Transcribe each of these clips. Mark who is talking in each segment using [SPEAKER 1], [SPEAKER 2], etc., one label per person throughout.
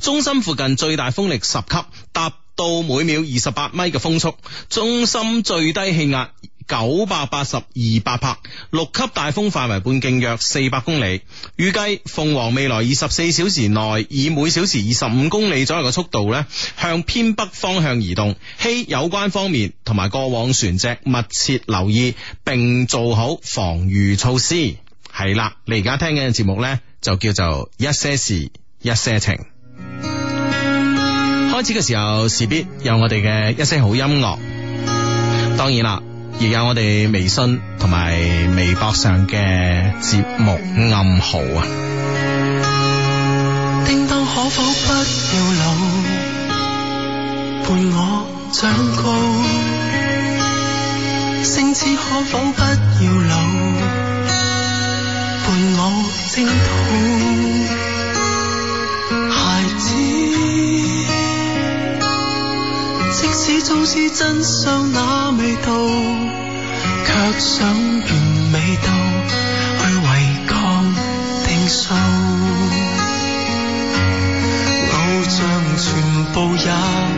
[SPEAKER 1] 中心附近最大風力十級，達到每秒二十八米嘅風速。中心最低氣壓九百八十二百帕。六級大風範圍半徑約四百公里。預計鳳凰未來二十四小時內以每小時二十五公里左右嘅速度咧，向偏北方向移動。希有關方面同埋過往船隻密切留意，並做好防禦措施。係啦，你而家聽緊嘅節目呢，就叫做一些事，一些情。開始嘅時候，勢必有我哋嘅一聲好音樂。當然啦，亦有我哋微信同埋微博上嘅節目暗號啊。叮噹可否不要老，伴我長高。星子可否不要老，伴我征途。即使早知真相那味道，卻想完美到去違抗定數偶像全部也。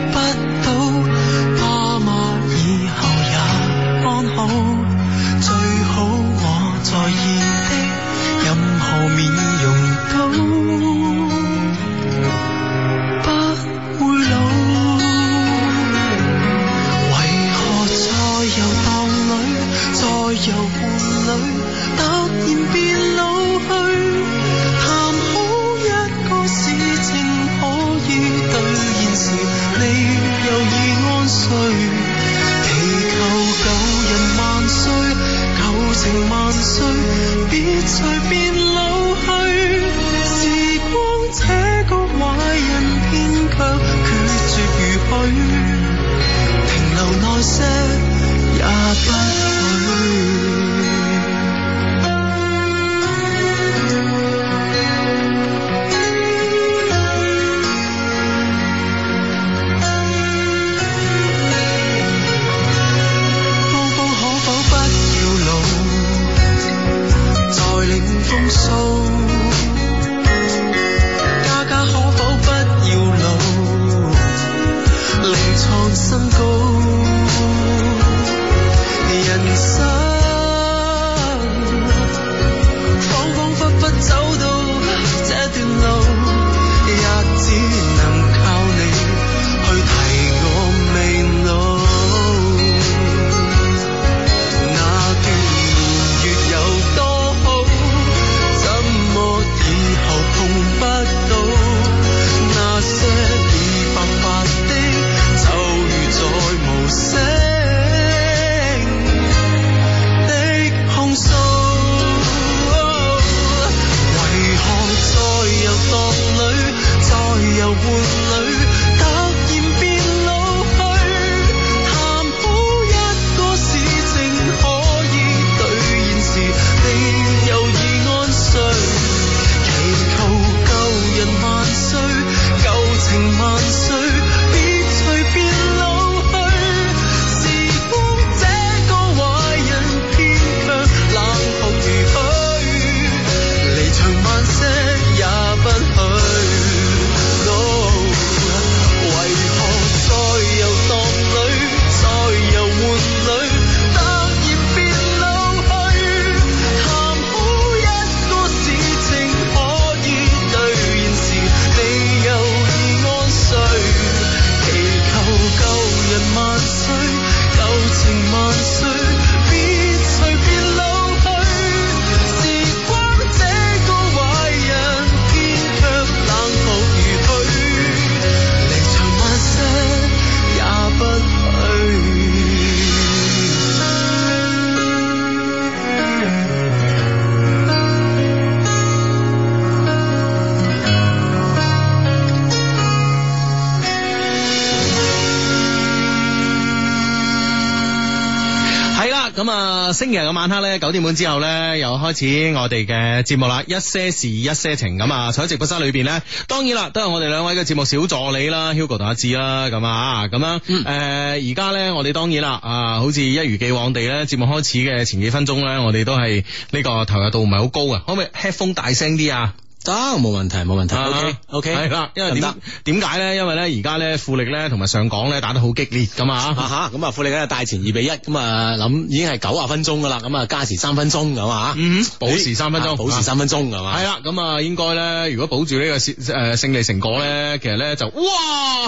[SPEAKER 1] 晚黑咧九點半之後咧又開始我哋嘅節目啦，一些事一些情咁啊。坐喺直播室裏邊咧，當然啦，都係我哋兩位嘅節目小助理啦，Hugo 同阿志啦，咁啊咁樣。誒、啊，而家咧我哋當然啦啊，好似一如既往地咧，節目開始嘅前幾分鐘咧，我哋都係呢、這個投入度唔係好高啊，可唔可以 headphone 大聲啲啊？得，冇問題，冇問題。O K，O K，係啦，因為點點解咧？因為咧，而家咧，富力咧同埋上港咧打得好激烈噶嘛，吓吓，咁富力咧大前二比一，咁啊，諗已經係九啊分鐘噶啦，咁啊，加時三分鐘係嘛，嗯，保持三分鐘，保持三分鐘係嘛，係啦，咁啊，應該咧，如果保住呢個勝誒勝利成果咧，其實咧就哇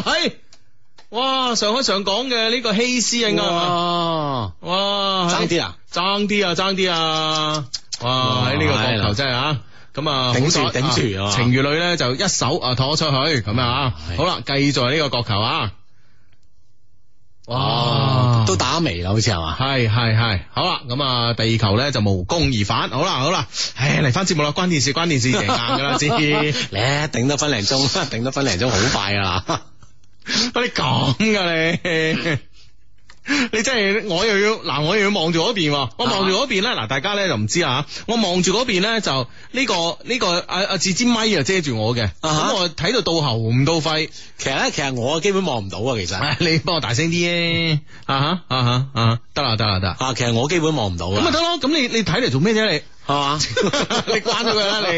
[SPEAKER 1] 係，哇，上海上港嘅呢個希斯啊，哇，爭啲啊，爭啲啊，爭啲啊，哇，喺呢個角球真係啊！咁啊，頂住頂住，情欲女咧就一手啊拖出去，咁啊，的好啦，繼續呢個角球啊，哇，都打尾啦，好似係嘛，係係係，好啦，咁、嗯、啊，第二球咧就無功而返，好啦好啦，唉，嚟翻節目啦，關電視關電視，成晏噶啦知，你頂多分零鐘，頂多分零鐘，好快噶啦，喂，你講噶你。 你真係我又要嗱，我又要，要望住嗰邊，我望住嗰邊咧嗱，大家咧就唔知啊、這個這個、啊智智我望住嗰邊咧就呢個呢個阿阿字尖咪又遮住我嘅，咁我睇到到喉唔到肺，其實咧其實我基本望唔到啊，其實你幫我大聲啲、嗯、啊吓啊吓啊得啦得啦得啊，其實我基本望唔到，咁咪得咯，咁你你睇嚟做咩啫你？你係嘛？ 你關咗佢啦，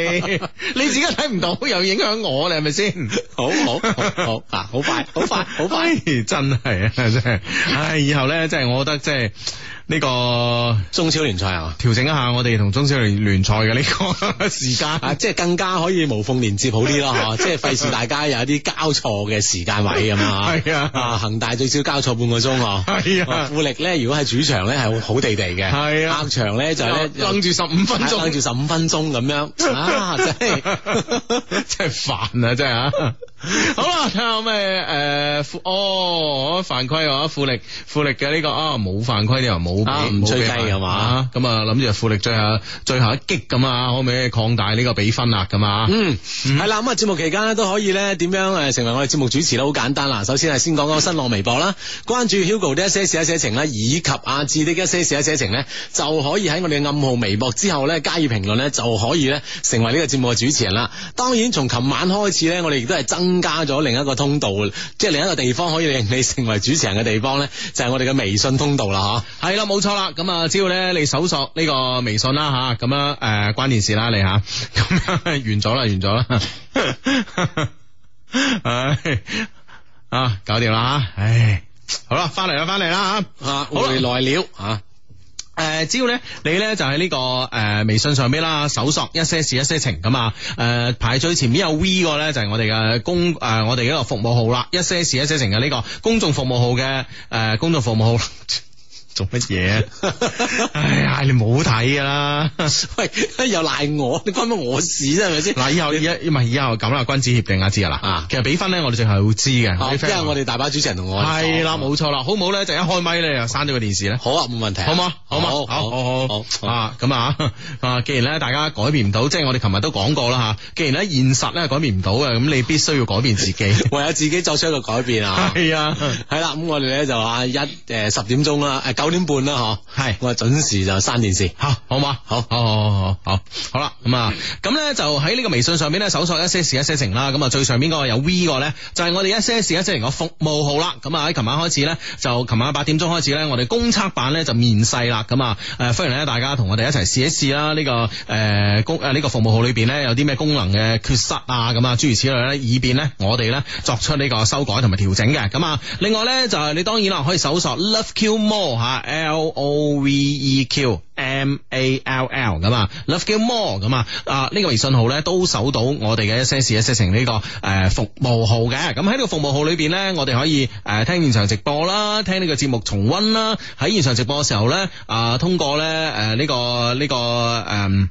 [SPEAKER 1] 你 你自己睇唔到，又影響我你係咪先？好，好，好，好，好快，好快，好快，真係，啊。真係，唉，以後咧，真係，我覺得真係。呢、這個中超聯賽啊，調整一下我哋同中超聯聯賽嘅呢個 時間，啊，即、就、係、是、更加可以無縫連接好啲咯， 即係費事大家有一啲交錯嘅時間位咁 啊。係啊，恒大最少交錯半個鐘，係啊。富 力咧，如果喺主場咧係好地地嘅，係啊。 客場咧就掹住十五分鐘，掹住十五分鐘咁樣啊，真係真係煩啊，真係。好啦，睇下咩誒，哦，我犯規啊，富力富力嘅呢個啊冇犯規又冇。冇唔、啊、吹雞係嘛？咁啊諗住富力最後最後一擊咁啊，可唔可以擴大呢個比分啊？咁啊，嗯，係啦、嗯。咁啊、嗯嗯，節目期間咧都可以咧點樣誒成為我哋節目主持咧？好簡單啦。首先係先講講新浪微博啦，關注 Hugo 的一些事一些情啦，以及阿志的一些事一些情咧，就可以喺我哋暗號微博之後咧加以評論咧，就可以咧成為呢個節目嘅主持人啦。當然，從琴晚開始咧，我哋亦都係增加咗另一個通道，即、就、係、是、另一個地方可以令你成為主持人嘅地方咧，就係、是、我哋嘅微信通道啦。嚇、嗯、係、嗯、咯。冇錯啦，咁只要咧你搜索呢個微信啦吓，咁樣誒關鍵詞啦你吓，咁完咗啦，完咗、啊啊、啦，啦，啊搞掂啦吓，唉、啊、好啦，翻嚟啦，翻嚟啦吓，回來了吓，誒啦、啊、只要咧你咧就喺呢、這個誒、呃、微信上邊啦，搜索一些事一些情咁啊，誒、呃、排最前面有 V 個咧就係我哋嘅公誒、呃、我哋呢個服務號啦，一些事一些情嘅呢、這個公眾服務號嘅誒、呃、公眾服務號。做乜嘢？哎呀，你冇睇噶啦！喂，又賴我，你關乜我事啫？係咪先？嗱，以後一唔係以後咁啦，君子協定啊，知啦。啊，其實比分呢，我哋淨係會知嘅。因為我哋大把主持人同我係啦，冇錯啦，好唔好咧？就一開咪咧，又刪咗個電視咧。好啊，冇問題，好嘛，好嘛，好好好好好啊，咁啊啊，既然咧大家改變唔到，即係我哋琴日都講過啦吓。既然喺現實咧改變唔到嘅，咁你必須要改變自己，唯有自己作出一個改變啊。係啊，係啦。咁我哋咧就話一誒十點鐘啦，九點半啦，吓是，係我係準時就閂電視，吓，好嘛好，好，好好好好好，好啦，咁啊，咁咧就喺呢個微信上邊咧搜索，一些事一些情啦，咁啊最上邊嗰個有 V 個咧，就係、是、我哋一些事一些情個服務號啦，咁啊喺琴晚開始咧，就琴晚八點鐘開始咧，我哋公測版咧就面世啦，咁啊，誒歡迎咧大家同我哋一齊試一試啦，呢、這個誒公誒呢個服務號裏邊咧有啲咩功能嘅缺失啊，咁啊諸如此類咧，以便咧我哋咧作出呢個修改同埋調整嘅，咁啊另外咧就係你當然啦可以搜索 Love Q More 吓，L O V E Q M A L L 咁啊，Love Give More 咁啊，啊呢個微信號咧都搜到我哋嘅一些事一些情呢個誒服務號嘅，咁喺呢個服務號裏邊咧，我哋可以誒聽現場直播啦，聽呢個節目重溫啦，喺現場直播嘅時候咧，啊通過咧誒呢個呢個誒。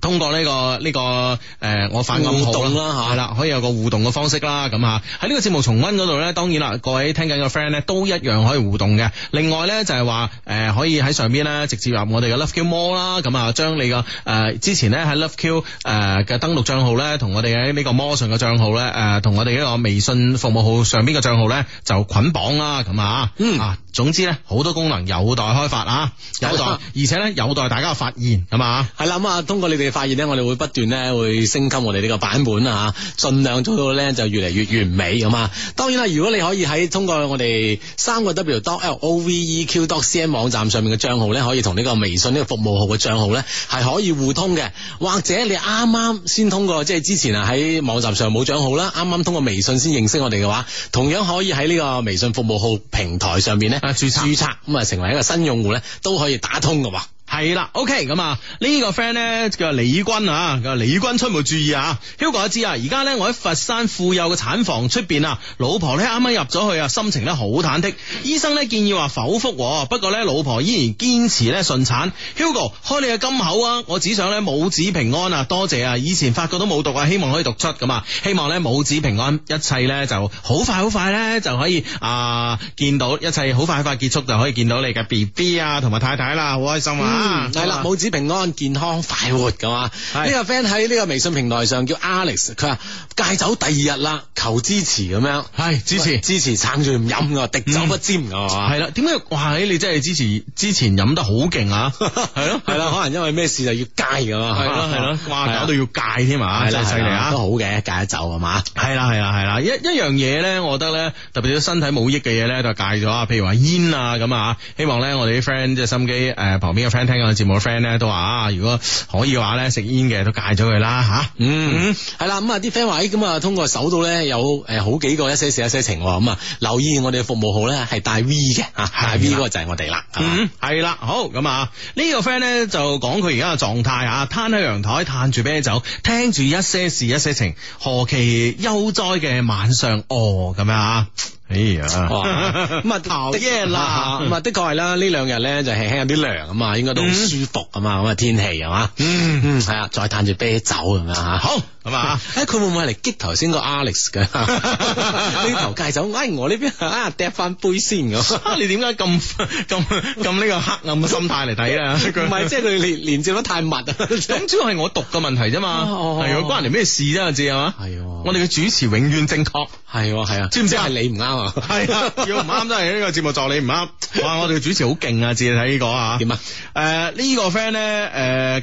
[SPEAKER 1] 通過呢、這個呢、這個誒、呃，我發個號動啦，係啦，可以有個互動嘅方式啦。咁啊，喺呢個節目重溫嗰度咧，當然啦，各位聽緊嘅 friend 咧都一樣可以互動嘅。另外咧就係話誒，可以喺上邊咧直接入我哋嘅 LoveQ Mall 啦，咁啊將你嘅誒、呃、之前咧喺 LoveQ 誒、呃、嘅登錄賬號咧，同我哋喺呢個 mall 上嘅賬號咧，誒、呃、同我哋呢個微信服務號上邊嘅賬號咧就捆綁啦。咁啊，嗯。總之咧，好多功能有待開發啊，有待，的而且咧有待大家嘅發現，係咪？係啦，咁啊，通過你哋嘅發現咧，我哋會不斷咧會升級我哋呢個版本啊，盡量做到咧就越嚟越完美咁啊。當然啦，如果你可以喺通過我哋三個 W L O V E Q C N 網站上面嘅賬號咧，可以同呢個微信呢個服務號嘅賬號咧係可以互通嘅，或者你啱啱先通過即係之前啊喺網站上冇賬號啦，啱啱通過微信先認識我哋嘅話，同樣可以喺呢個微信服務號平台上面咧。啊！註冊咁啊，成為一個新用戶咧，都可以打通嘅話。係啦，OK，咁啊呢個 friend 呢，叫李軍啊，叫李軍出門注意啊，Hugo 我知啊，而家呢，我喺佛山婦幼嘅產房出邊啊，老婆呢，啱啱入咗去啊，心情呢好忐忑，醫生呢建議話剖腹，不過呢，老婆依然堅持呢順產，Hugo 開你嘅金口啊，我只想呢母子平安啊，多謝啊，以前發覺都冇讀啊，希望可以讀出咁啊，希望呢母子平安，一切呢就好快好快呢就可以啊、呃、見到，一切好快好快結束就可以見到你嘅 B B 啊同埋太太啦，好開心啊！係啦，母子平安，健康快活噶嘛。呢個 friend 喺呢個微信平台上叫 Alex，佢話戒酒第二日啦，求支持咁樣，係支持支持撐住唔飲噶，滴酒不沾噶嘛。係啦，點解？哇，你真係支持之前飲得好勁啊，係咯，係啦，可能因為咩事就要戒噶嘛。係咯係咯，搞到要戒添啊，真係犀利啊，都好嘅戒酒係嘛？係啦係啦係啦，一一樣嘢咧，我覺得咧，特別身體冇益嘅嘢咧，就戒咗啊。譬如話煙啊咁啊，希望咧我哋啲 friend 即係心機誒旁邊嘅 friend。聽我節目嘅 friend 咧都話啊，如果可以嘅話咧食煙嘅都戒咗佢啦吓，嗯係啦，咁啊、嗯，啲 friend 話咁啊通過手到咧有誒好幾個一些事一些情，咁、嗯、啊留意我哋嘅服務號咧係帶 V 嘅啊，帶、啊、V 嗰個就係我哋啦，啊、嗯係啦，好咁啊呢個 friend 咧就講佢而家嘅狀態啊，攤喺陽台嘆住啤酒，聽住一些事一些情，何其悠哉嘅晚上哦咁樣啊。哎呀，咁啊頭嘅啦，咁啊的確係啦，呢 兩日咧就係輕輕有啲涼啊嘛，應該都好舒服啊嘛，咁啊、嗯、天氣係嘛、嗯，嗯嗯係啊，再嘆住啤酒咁樣吓，好。係嘛？哎，佢、啊、會唔會嚟激的的 頭先個 Alex 嘅呢頭戒酒？哎，我呢邊啊，掟翻杯先咁。 你點解咁咁咁呢個黑暗嘅心態嚟睇啊？唔係、啊，即係佢連連接得太密。咁主要係我讀嘅問題啫嘛。係關人哋咩事啫？字係嘛？係我哋嘅主持永遠正確。係係啊，知唔知啊？知知你唔啱啊？係、 啊、要唔啱都係呢個節目助理唔啱。 哇！我哋嘅主持好勁、這個、啊！字睇呢個點啊？誒、這個，呢個 friend 咧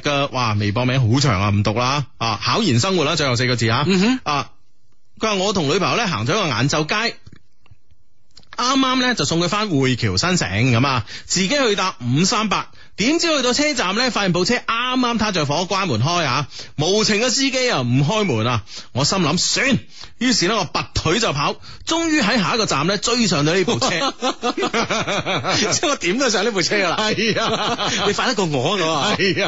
[SPEAKER 1] 誒嘅哇，微博名好長啊，唔讀啦啊！考研生活啦。最後四個字、嗯、哼啊，佢話我同女朋友咧行咗個晏晝街，啱啱咧就送佢翻匯橋新城咁啊，自己去搭五三八，點知去到車站咧，發現部車啱啱撻着火，關門開啊，無情嘅司機啊，唔開門啊，我心諗算。於是咧，我拔腿就跑，終於喺下一個站咧追上咗呢部車，即係我點都上呢部車噶啦。係啊，你快得過我咁啊？係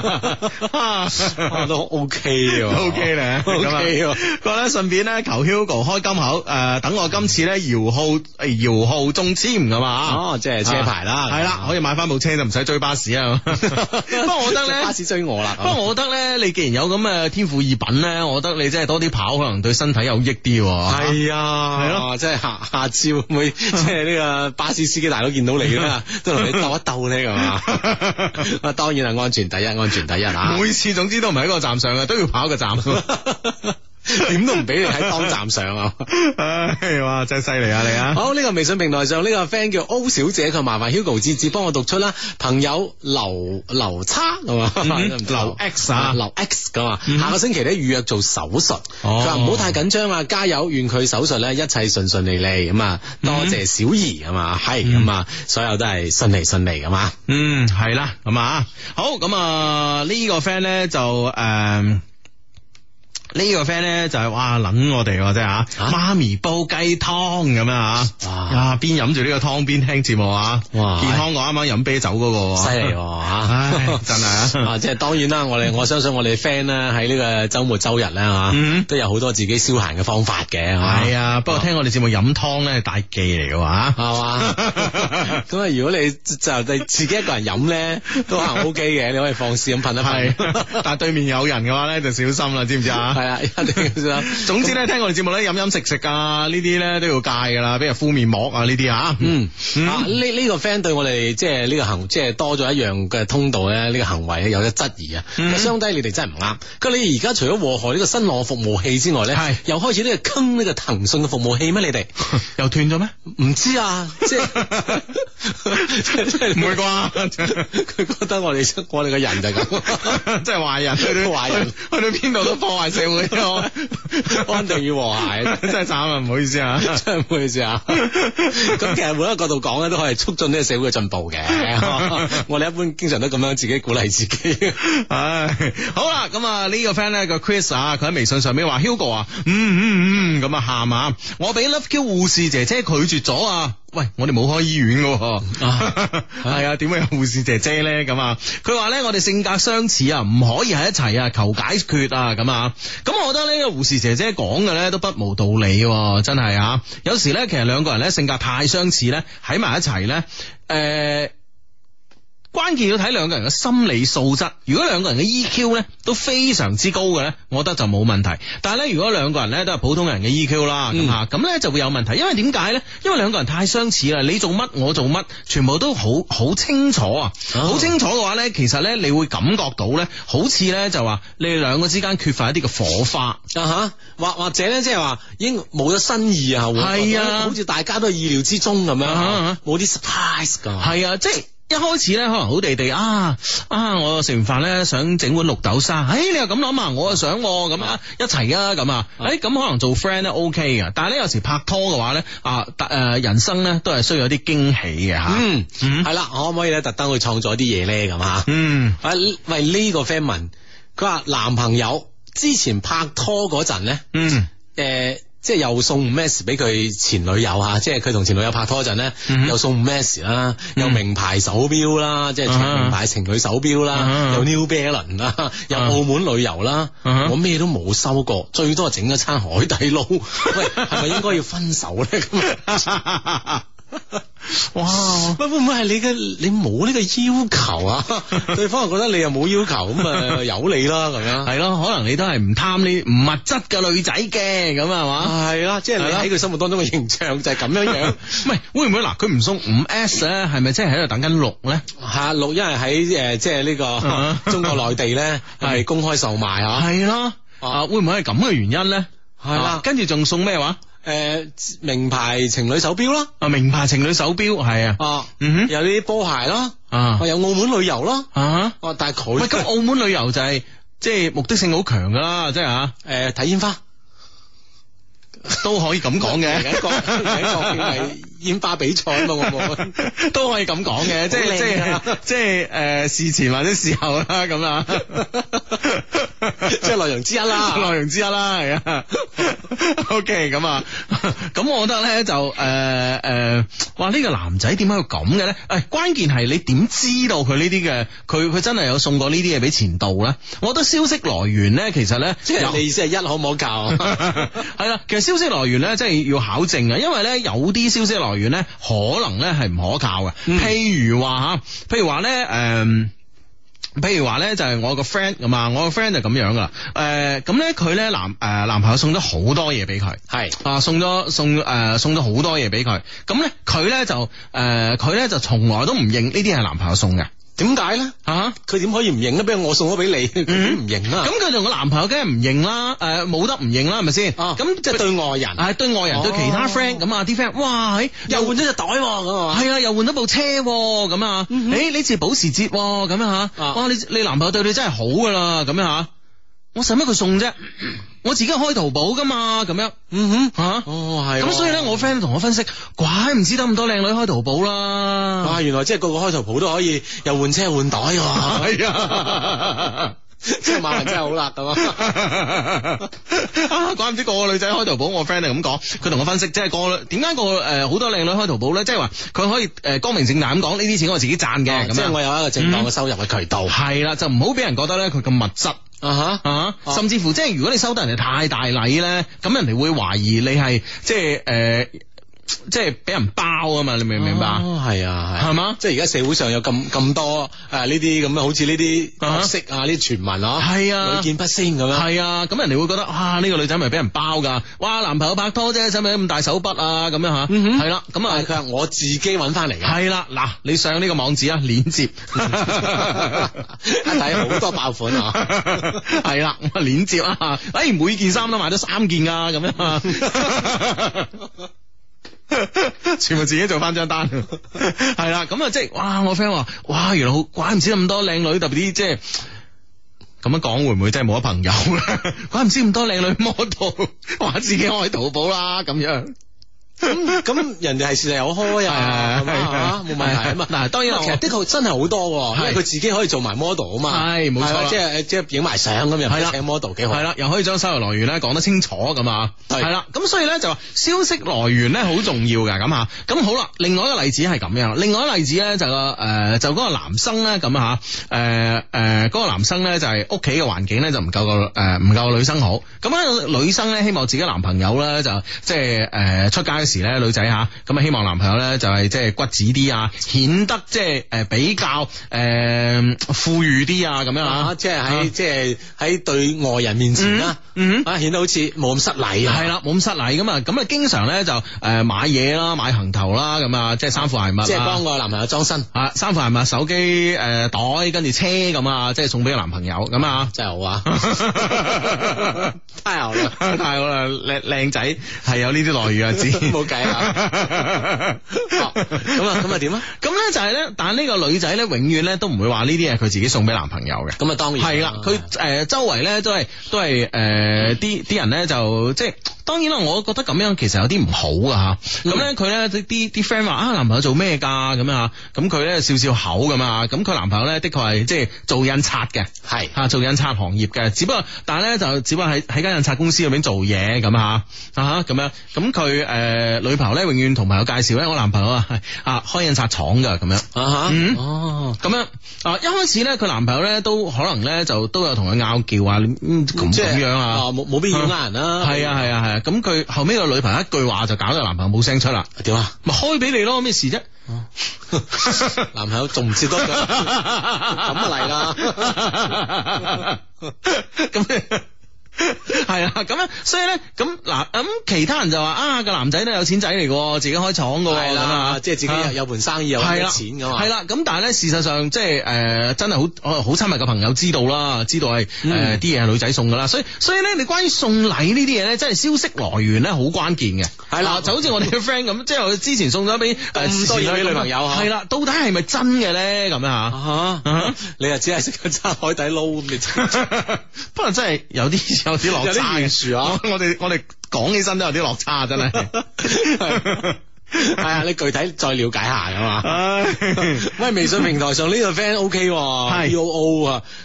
[SPEAKER 1] 啊，我都 OK 喎，OK 咧，OK。咁不過咧順便咧，求 Hugo 開金口，誒，等我今次咧搖號，誒，搖號中簽咁嘛，哦，即係車牌啦，係啦，可以買翻部車就唔使追巴士啦。不過我覺得咧，巴士追我啦。不過我覺得咧，你既然有咁嘅天賦異稟咧，我覺得你真係多啲跑，可能對身體有益啲。係啊，係咯、啊哦，即係下下次會唔會即係呢個巴士司機大佬見到你啦， 都同你鬥一鬥咧，係嘛？啊，當然係安全第一，安全第一啊！ 每次總之都唔喺個站上嘅，都要跑一個站。 點 都唔俾你喺當站上啊！ 哦、真係犀利啊你啊！你呢好呢、這個微信平台上呢、這個 friend 叫 O 小姐，佢麻煩 Hugo 字字幫我讀出啦。朋友劉劉差咁啊，劉、嗯、X 啊，劉 X 噶嘛。下個星期咧預約做手術，佢話唔好太緊張啊，加油！願佢手術咧一切順順利利咁啊，多謝小儀啊嘛，係咁啊，所有都係順利順利噶嘛。嗯，係啦，咁啊，好咁啊呢個 friend 咧就誒。呢個 friend 咧就係哇，諗我哋即係吓媽咪煲雞湯咁樣吓啊，邊飲住呢個湯邊聽節目啊健康，我啱啱飲啤酒嗰個犀利吓，真係啊，即係當然啦，我哋我相信我哋 friend 咧喺呢個周末周日咧吓，都有好多自己消閒嘅方法嘅，係啊，不過聽我哋節目飲湯咧，大忌嚟嘅話，係嘛？咁啊，如果你就你自己一個人飲咧都行 OK 嘅，你可以放肆咁噴一噴，但係對面有人嘅話咧就小心啦，知唔知啊？係總之咧，聽我哋節目咧，飲飲食食啊，呢啲咧都要戒噶啦，比如敷面膜啊呢啲啊。嗯，呢呢個 friend 對我哋即係呢個行，即係多咗一樣嘅通道咧，呢個行為咧有咗質疑啊。相傷低你哋真係唔啱。佢你而家除咗禍害呢個新浪服務器之外咧，係又開始呢個坑呢個騰訊嘅服務器咩？你哋又斷咗咩？唔知啊，即係唔會啩？佢覺得我哋我哋個人就咁，即係壞人，去到壞人，去到邊度都破壞社 安定要和諧， 真係慘啊！唔好意思啊， 真係唔好意思啊。咁 其實每一個角度講咧，都可以促進呢個社會嘅進步嘅。 我哋一般經常都咁樣自己鼓勵自己。 唉，好啦，咁啊，呢個 friend 咧個 Chris 啊，佢喺微信上面話：Hugo 啊，嗯嗯嗯，咁啊喊啊，我俾 Love Q 護士姐姐拒絕咗啊。喂，我哋冇開醫院嘅，係啊，點解、 啊、有護士姐姐呢？咁啊，佢話呢，我哋性格相似啊，唔可以喺一齊啊，求解決啊，咁啊，咁、啊、我覺得呢個護士姐姐講嘅呢，都不無道理、啊，真係啊，有時呢，其實兩個人呢，性格太相似呢，喺埋一齊呢。誒。關鍵要睇兩個人嘅心理素質，如果兩個人嘅 EQ 咧都非常之高嘅咧，我覺得就冇問題。但係咧，如果兩個人咧都係普通人嘅 EQ 啦，咁啊咁咧就會有問題。因為點解咧？因為兩個人太相似啦，你做乜我做乜，全部都好好清楚啊！好、啊、清楚嘅話咧，其實咧你會感覺到咧，好似咧就話你哋兩個之間缺乏一啲嘅火花啊吓，或者、啊、或者咧即係話已經冇咗新意啊，係啊，好似大家都係意料之中咁樣，冇啲 surprise 噶，係啊，即、啊、係。一開始咧可能好地地啊啊，我食完飯咧想整碗綠豆沙，哎你又咁諗啊，我又想咁啊一齊啊咁啊，一啊哎咁可能做 friend 咧 OK 嘅，但係咧有時拍拖嘅話咧啊誒人生咧都係需要有啲驚喜嘅吓，嗯係啦，可唔可以咧特登去創作啲嘢咧咁啊，嗯，可可嗯啊喂呢、呢個 friend 佢話男朋友之前拍拖嗰陣咧，嗯誒。呃即係又送 m s x 俾佢前女友嚇，即係佢同前女友拍拖嗰陣咧，嗯、又送 m i, s x 啦、嗯，又名牌手錶啦，嗯、即係名牌情侶手錶啦，嗯、又 New Balance 啦、嗯，又澳門旅遊啦，嗯、我咩都冇收過，最多整一餐海底撈， 喂，係咪應該要分手咧？ 哇！會會唔會係你嘅？你冇呢個要求啊？ 對方又覺得你又冇要求，咁啊由你啦咁樣。係咯，可能你都係唔貪呢唔物質嘅女仔嘅咁啊嘛。係啦，即係你喺佢的心目當中嘅形象就係咁樣樣。唔係 會唔會嗱？佢唔送五 S 咧，啊，係咪、啊呃、即係喺度等緊六咧？係六一係喺誒即係呢個中國內地咧係公開售賣啊。係咯。啊，會唔會係咁嘅原因咧？
[SPEAKER 2] 係啦的，
[SPEAKER 1] 跟住仲送咩話？誒、呃，名牌情侶手表啦，啊，名牌情侶手表係啊，啊嗯哼，有啲波鞋啦，啊，有澳門旅遊啦，啊，我大概咁澳門旅遊就係即係目的性好強噶啦，即係吓，誒、呃，睇煙花。都可以咁講嘅，一國喺國片係煙花比賽啊嘛，我都可以咁講嘅，即係即係即係誒，事前或者事後啦，咁啊，即係內容之一啦，內容之一啦，係啊，OK，咁啊，咁 我覺得咧就誒誒、呃呃，哇呢、這個男仔點解要咁嘅咧？誒、哎，關鍵係你點知道佢呢啲嘅？佢佢真係有送過呢啲嘢俾前度咧？我覺得消息來源咧，其實咧，即係、就是、有你意思係一可唔可教？係啦，其實。消息來源呢，即係要考證啊，因為呢，有啲消息來源呢，可能呢係唔可靠嘅、嗯。譬如話吓、呃，譬如話呢，誒，譬如話呢，就係、是、我個 friend 咁嘛，我個 friend 就咁樣噶啦。誒，咁呢佢呢，男誒、呃、男朋友送咗好多嘢俾佢，係是啊，送咗送誒、呃、送咗好多嘢俾佢。咁呢，佢呢，就誒佢、呃、呢，就從來都唔認呢啲係男朋友送嘅。點解咧？佢點、啊、可以唔認咧？不如我送咗俾你，佢點唔認啊？咁佢同個男朋友梗係唔認啦。誒、呃，冇得唔認啦，係咪先？咁、啊、即係對外人，係、啊、對外人、哦、對其他 friend 咁、欸、啊？啲 friend，哇，又換咗隻袋，係啊，又換咗部車咁啊？誒、啊，呢次係、嗯欸、保時捷咁吓，樣啊啊、哇！你你男朋友對你真係好噶啦，咁樣吓、啊。我使乜佢送啫？我自己開淘寶噶嘛，咁樣，嗯哼，吓、啊，哦係。咁、啊、所以咧，我 friend 同我分析，怪唔知得咁多靚女開淘寶啦。啊，原來即係個個開淘寶都可以又換車換袋喎。係啊，即係馬雲真係好辣咁。啊， 怪唔知個個女仔開淘寶，我 friend 係咁講，佢同我分析，即係個點解個誒好、呃、多靚女開淘寶咧？即係話佢可以誒、呃、光明正大咁講呢啲錢係我自己賺嘅，咁樣、嗯，即係我有一個正當嘅收入嘅渠道。係啦、嗯啊，就唔好俾人覺得咧，佢咁物質。啊吓，吓，甚至乎即係如果你收得人哋太大禮咧，咁人哋會懷疑你係即係誒。呃即係俾人包啊嘛，你明唔明白、哦、啊？係啊，係、啊。係嘛？即係而家社會上有咁咁多誒，呢啲咁樣好似呢啲消息啊，呢啲傳聞啊，係啊，屢、啊、見不鮮咁樣。係啊，咁人哋會覺得哇，呢、這個女仔咪俾人包噶，哇，男朋友拍拖啫，使唔使咁大手筆啊？咁樣吓，係啦、嗯哼，咁啊，嗯、啊我自己搵翻嚟嘅。係啦、啊，嗱，你上呢個網址啊，鏈接一睇好多爆款啊，係 啦、啊，鏈接啊，而、哎、每件衫都買咗三件啊，咁樣。 全部自己做翻張單，係 啦，咁啊，即係哇！我 friend 話，哇，原來好怪唔知咁多靚女，特別啲即係咁樣講，會唔會真係冇得朋友咧？ 怪唔知咁多靚女 model 話自己開淘寶啦，咁樣。咁人哋係事實有開啊，冇問題啊嘛。嗱，當然啦，其實的確真係好多，因為佢自己可以做埋 model 啊嘛。係，冇錯，即係即係影埋相咁又請 model，幾好。係啦，又可以將收入來源咧講得清楚咁啊。係啦，咁所以咧就消息來源咧好重要噶。咁吓，咁好啦。另外一個例子係咁樣，另外一個一例子咧就個誒就嗰個男生咧咁吓，誒誒嗰個男生咧就係屋企嘅環境咧就唔夠個誒唔夠個女生好。咁啊，女生咧希望自己男朋友咧就即係誒出街。平時咧，女仔吓咁啊，希望男朋友咧就係即係骨子啲啊，顯得即係誒比較誒富裕啲啊，咁樣啊，即係喺即係喺對外人面前啦，嗯啊，顯得好似冇咁失禮啊，係啦，冇咁失禮咁啊，咁啊，經常咧就誒買嘢啦，買行頭啦，咁啊，即係衫褲鞋襪，即係幫個男朋友裝身啊，衫褲鞋襪、手機誒袋跟住車咁啊，即係送俾個男朋友咁啊，真係好啊，太好啦，太好啦，靚靚仔係有呢啲內遇啊，知。計啊，咁啊咁啊點啊？咁咧就係咧，就是，但係呢個女仔咧，永遠咧都唔會話呢啲係佢自己送俾男朋友嘅。咁啊當然係啦，佢誒、呃、周圍咧都係都係誒啲啲人咧就即係。就是當然啦，我覺得咁樣其實有啲唔好噶吓，咁咧佢咧啲啲 friend 話啊，男朋友做咩噶咁啊，咁佢咧笑笑口咁啊，咁佢男朋友咧的確係即係做印刷嘅，係啊做印刷行業嘅，只不過但係咧就只不過喺喺間印刷公司入邊做嘢，咁吓啊咁樣，咁佢誒女朋友咧永遠同朋友介紹咧，我男朋友啊開印刷廠噶咁樣哦咁樣啊，啊，啊一開始咧佢男朋友咧都可能咧就都有同佢拗撬啊咁咁樣啊，冇冇必要嗌人啦，係啊係啊係。咁佢後尾個女朋友一句話就搞到男朋友冇聲出啦，點啊？咪開俾你咯，咩事啫？啊、 男朋友仲唔接得咗，咁啊嚟啦，咁。 係啊，咁咧，所以咧，咁嗱，咁其他人就話啊，個男仔都有錢仔嚟嘅，自己開廠嘅，咁啊，即係自己有有盤生意，有有錢嘅嘛，係啦。咁但係咧，事實上即係誒，真係好好親密嘅朋友知道啦，知道係誒啲嘢係女仔送嘅啦。所以所以咧，你關於送禮呢啲嘢咧，真係消息來源咧好關鍵嘅。係啦，就好似我哋嘅 friend 咁，即係我之前送咗俾咁多女朋友，係啦，到底係咪真嘅咧？咁樣吓，你又只係識得揸海底撈咁，你真，不過真係有啲。有啲落差嘅樹啊！我哋我哋講起身都有啲落差，真係係啊！你具體再了解下噶嘛？嗯、 喂，微信平台上呢個 friend O K，U O，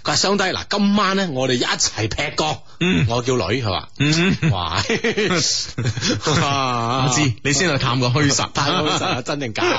[SPEAKER 1] 佢話兄弟，嗱今晚咧，我哋一齊劈歌，嗯、我叫女，係嘛，嗯嗯哇、 哎，我知你先去探個虛實，探個虛實 真定假。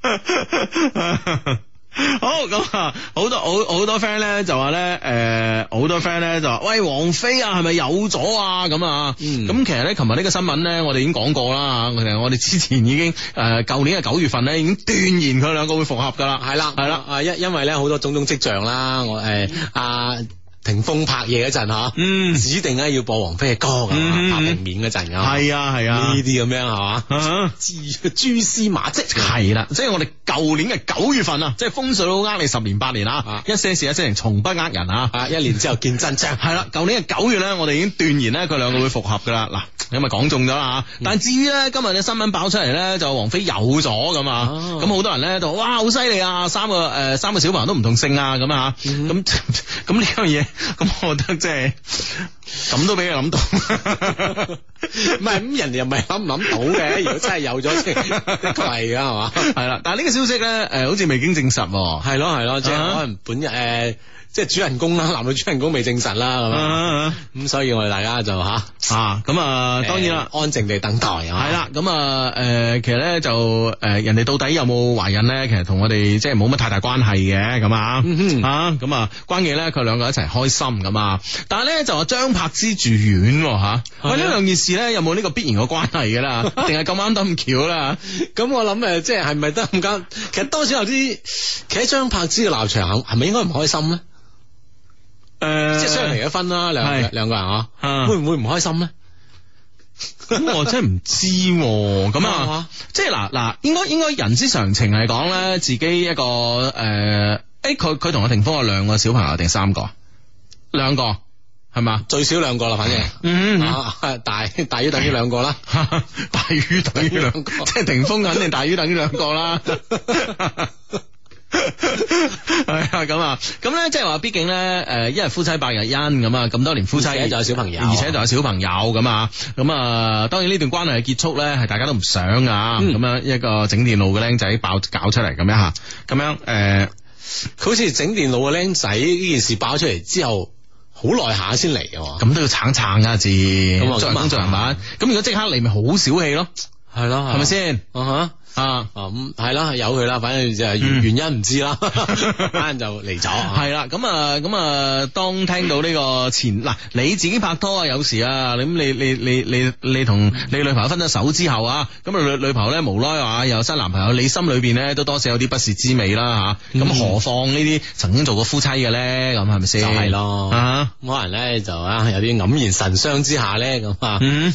[SPEAKER 1] 好咁，啊，好多好好多 friend 咧就話咧，誒、呃，好多 friend 咧就話，喂，王菲啊，係咪有咗啊？咁啊，咁、嗯、其實咧，琴日呢個新聞咧，我哋已經講過啦，其實我哋我哋之前已經誒，呃，舊年嘅九月份咧，已經斷言佢兩個會復合噶啦，係啦，係啦，因因為咧，好多種種跡象啦，我誒啊。呃嗯嗯霆鋒拍嘢嗰陣吓，嗯，指定咧要播王菲嘅歌啊，拍平面嗰陣啊，係啊係啊，呢啲咁樣係嘛？蛛絲馬迹係啦，即係我哋舊年嘅九月份啊，即係風水佬呃你十年八年啊，一些事一些人從不呃人啊，一年之後見真章係啦，舊年嘅九月咧，我哋已經斷言咧佢兩個會復合噶啦，嗱，咁咪講中咗啦，但係至於咧今日嘅新聞爆出嚟咧，就王菲有咗咁啊，咁好多人咧就哇好犀利啊，三個誒三個小朋友都唔同性啊咁啊，咁咁呢樣嘢。咁、嗯、我覺得即係咁都俾佢諗到，唔係咁人哋又唔係諗唔諗到嘅，如果真係有咗先係㗎係嘛，係、就、啦、是，但係呢個消息咧，誒、呃，好似未經證實，係咯係咯，即係可能本日誒。呃即係主人公啦，男女主人公未證實啦，咁樣咁， 所以我哋大家就吓咁啊，啊、嗯，當然啦，安靜地等待係啦。咁誒、啊嗯，其實咧就誒，人哋到底有冇懷孕咧？其實同我哋即係冇乜太大關係嘅咁啊，咁、嗯、啊，關鍵咧，佢兩個一齊開心咁啊。但係咧就話、是、張柏芝住院吓、啊，喂、啊，啊、呢兩件事咧有冇呢個必然嘅關係噶啦？定係咁啱得咁巧啦？咁我諗誒，即係係咪得咁間？其實多少有啲，其實張柏芝嘅鬧場係咪應該唔開心咧？誒，即係商量離咗婚啦，兩兩個人啊，會唔會唔開心咧？咁我真係唔知，咁啊，即係嗱嗱，應該應該人之常情係講咧，自己一個誒，誒，佢佢同阿霆鋒有兩個小朋友定三個？兩個係嘛？最少兩個啦，反正，嗯，大大於等於兩個啦，大於等於兩個，即係霆鋒肯定大於等於兩個啦。係 啊， 咁、就、啊、是，咁咧，即係話，畢竟咧，誒，一日夫妻百日恩咁啊，咁多年夫妻，呃、而有小朋友，而且仲有小朋友咁啊，咁啊，當然呢段關係嘅結束咧，係大家都唔想噶、啊，咁、啊、樣一個整電腦嘅僆仔爆搞出嚟咁、啊、樣吓，咁樣誒，佢好似整電腦嘅僆仔呢件事爆出嚟之後，好耐下先嚟啊，咁都要撐撐噶先，咁啊，慢慢，慢慢，咁如果即刻嚟，咪好小氣咯，係咯，係咪先？的啊咁係、嗯、啦，有佢啦，反正就係原原因唔、嗯、知啦， 反正就嚟咗、啊，係啦，咁啊咁啊，當聽到呢個前嗱、啊、你自己拍拖啊，有時啊，咁你你你你你同你女朋友分咗手之後啊，咁女女朋友咧無耐啊，又新男朋友，你心裏邊咧都多少有啲不是滋味啦吓，咁何況呢啲曾經做過夫妻嘅咧，咁係咪先？就係、啊、咯，咁可能咧就啊有啲黯然神傷之下咧咁啊，嗯、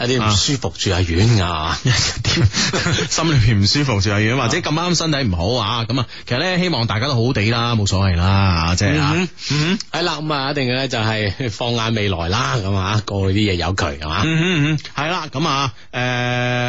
[SPEAKER 1] 有啲唔舒服住下、啊、院啊，一啲、嗯、 心裏。 唔舒服住院，或者咁啱身體唔好啊，咁啊，其實咧，希望大家都好啲啦，冇所謂啦，即係啊，係啦，咁啊，一定要咧就係放眼未來啦，咁啊，過去啲嘢有佢係嘛，嗯嗯係啦，咁啊，誒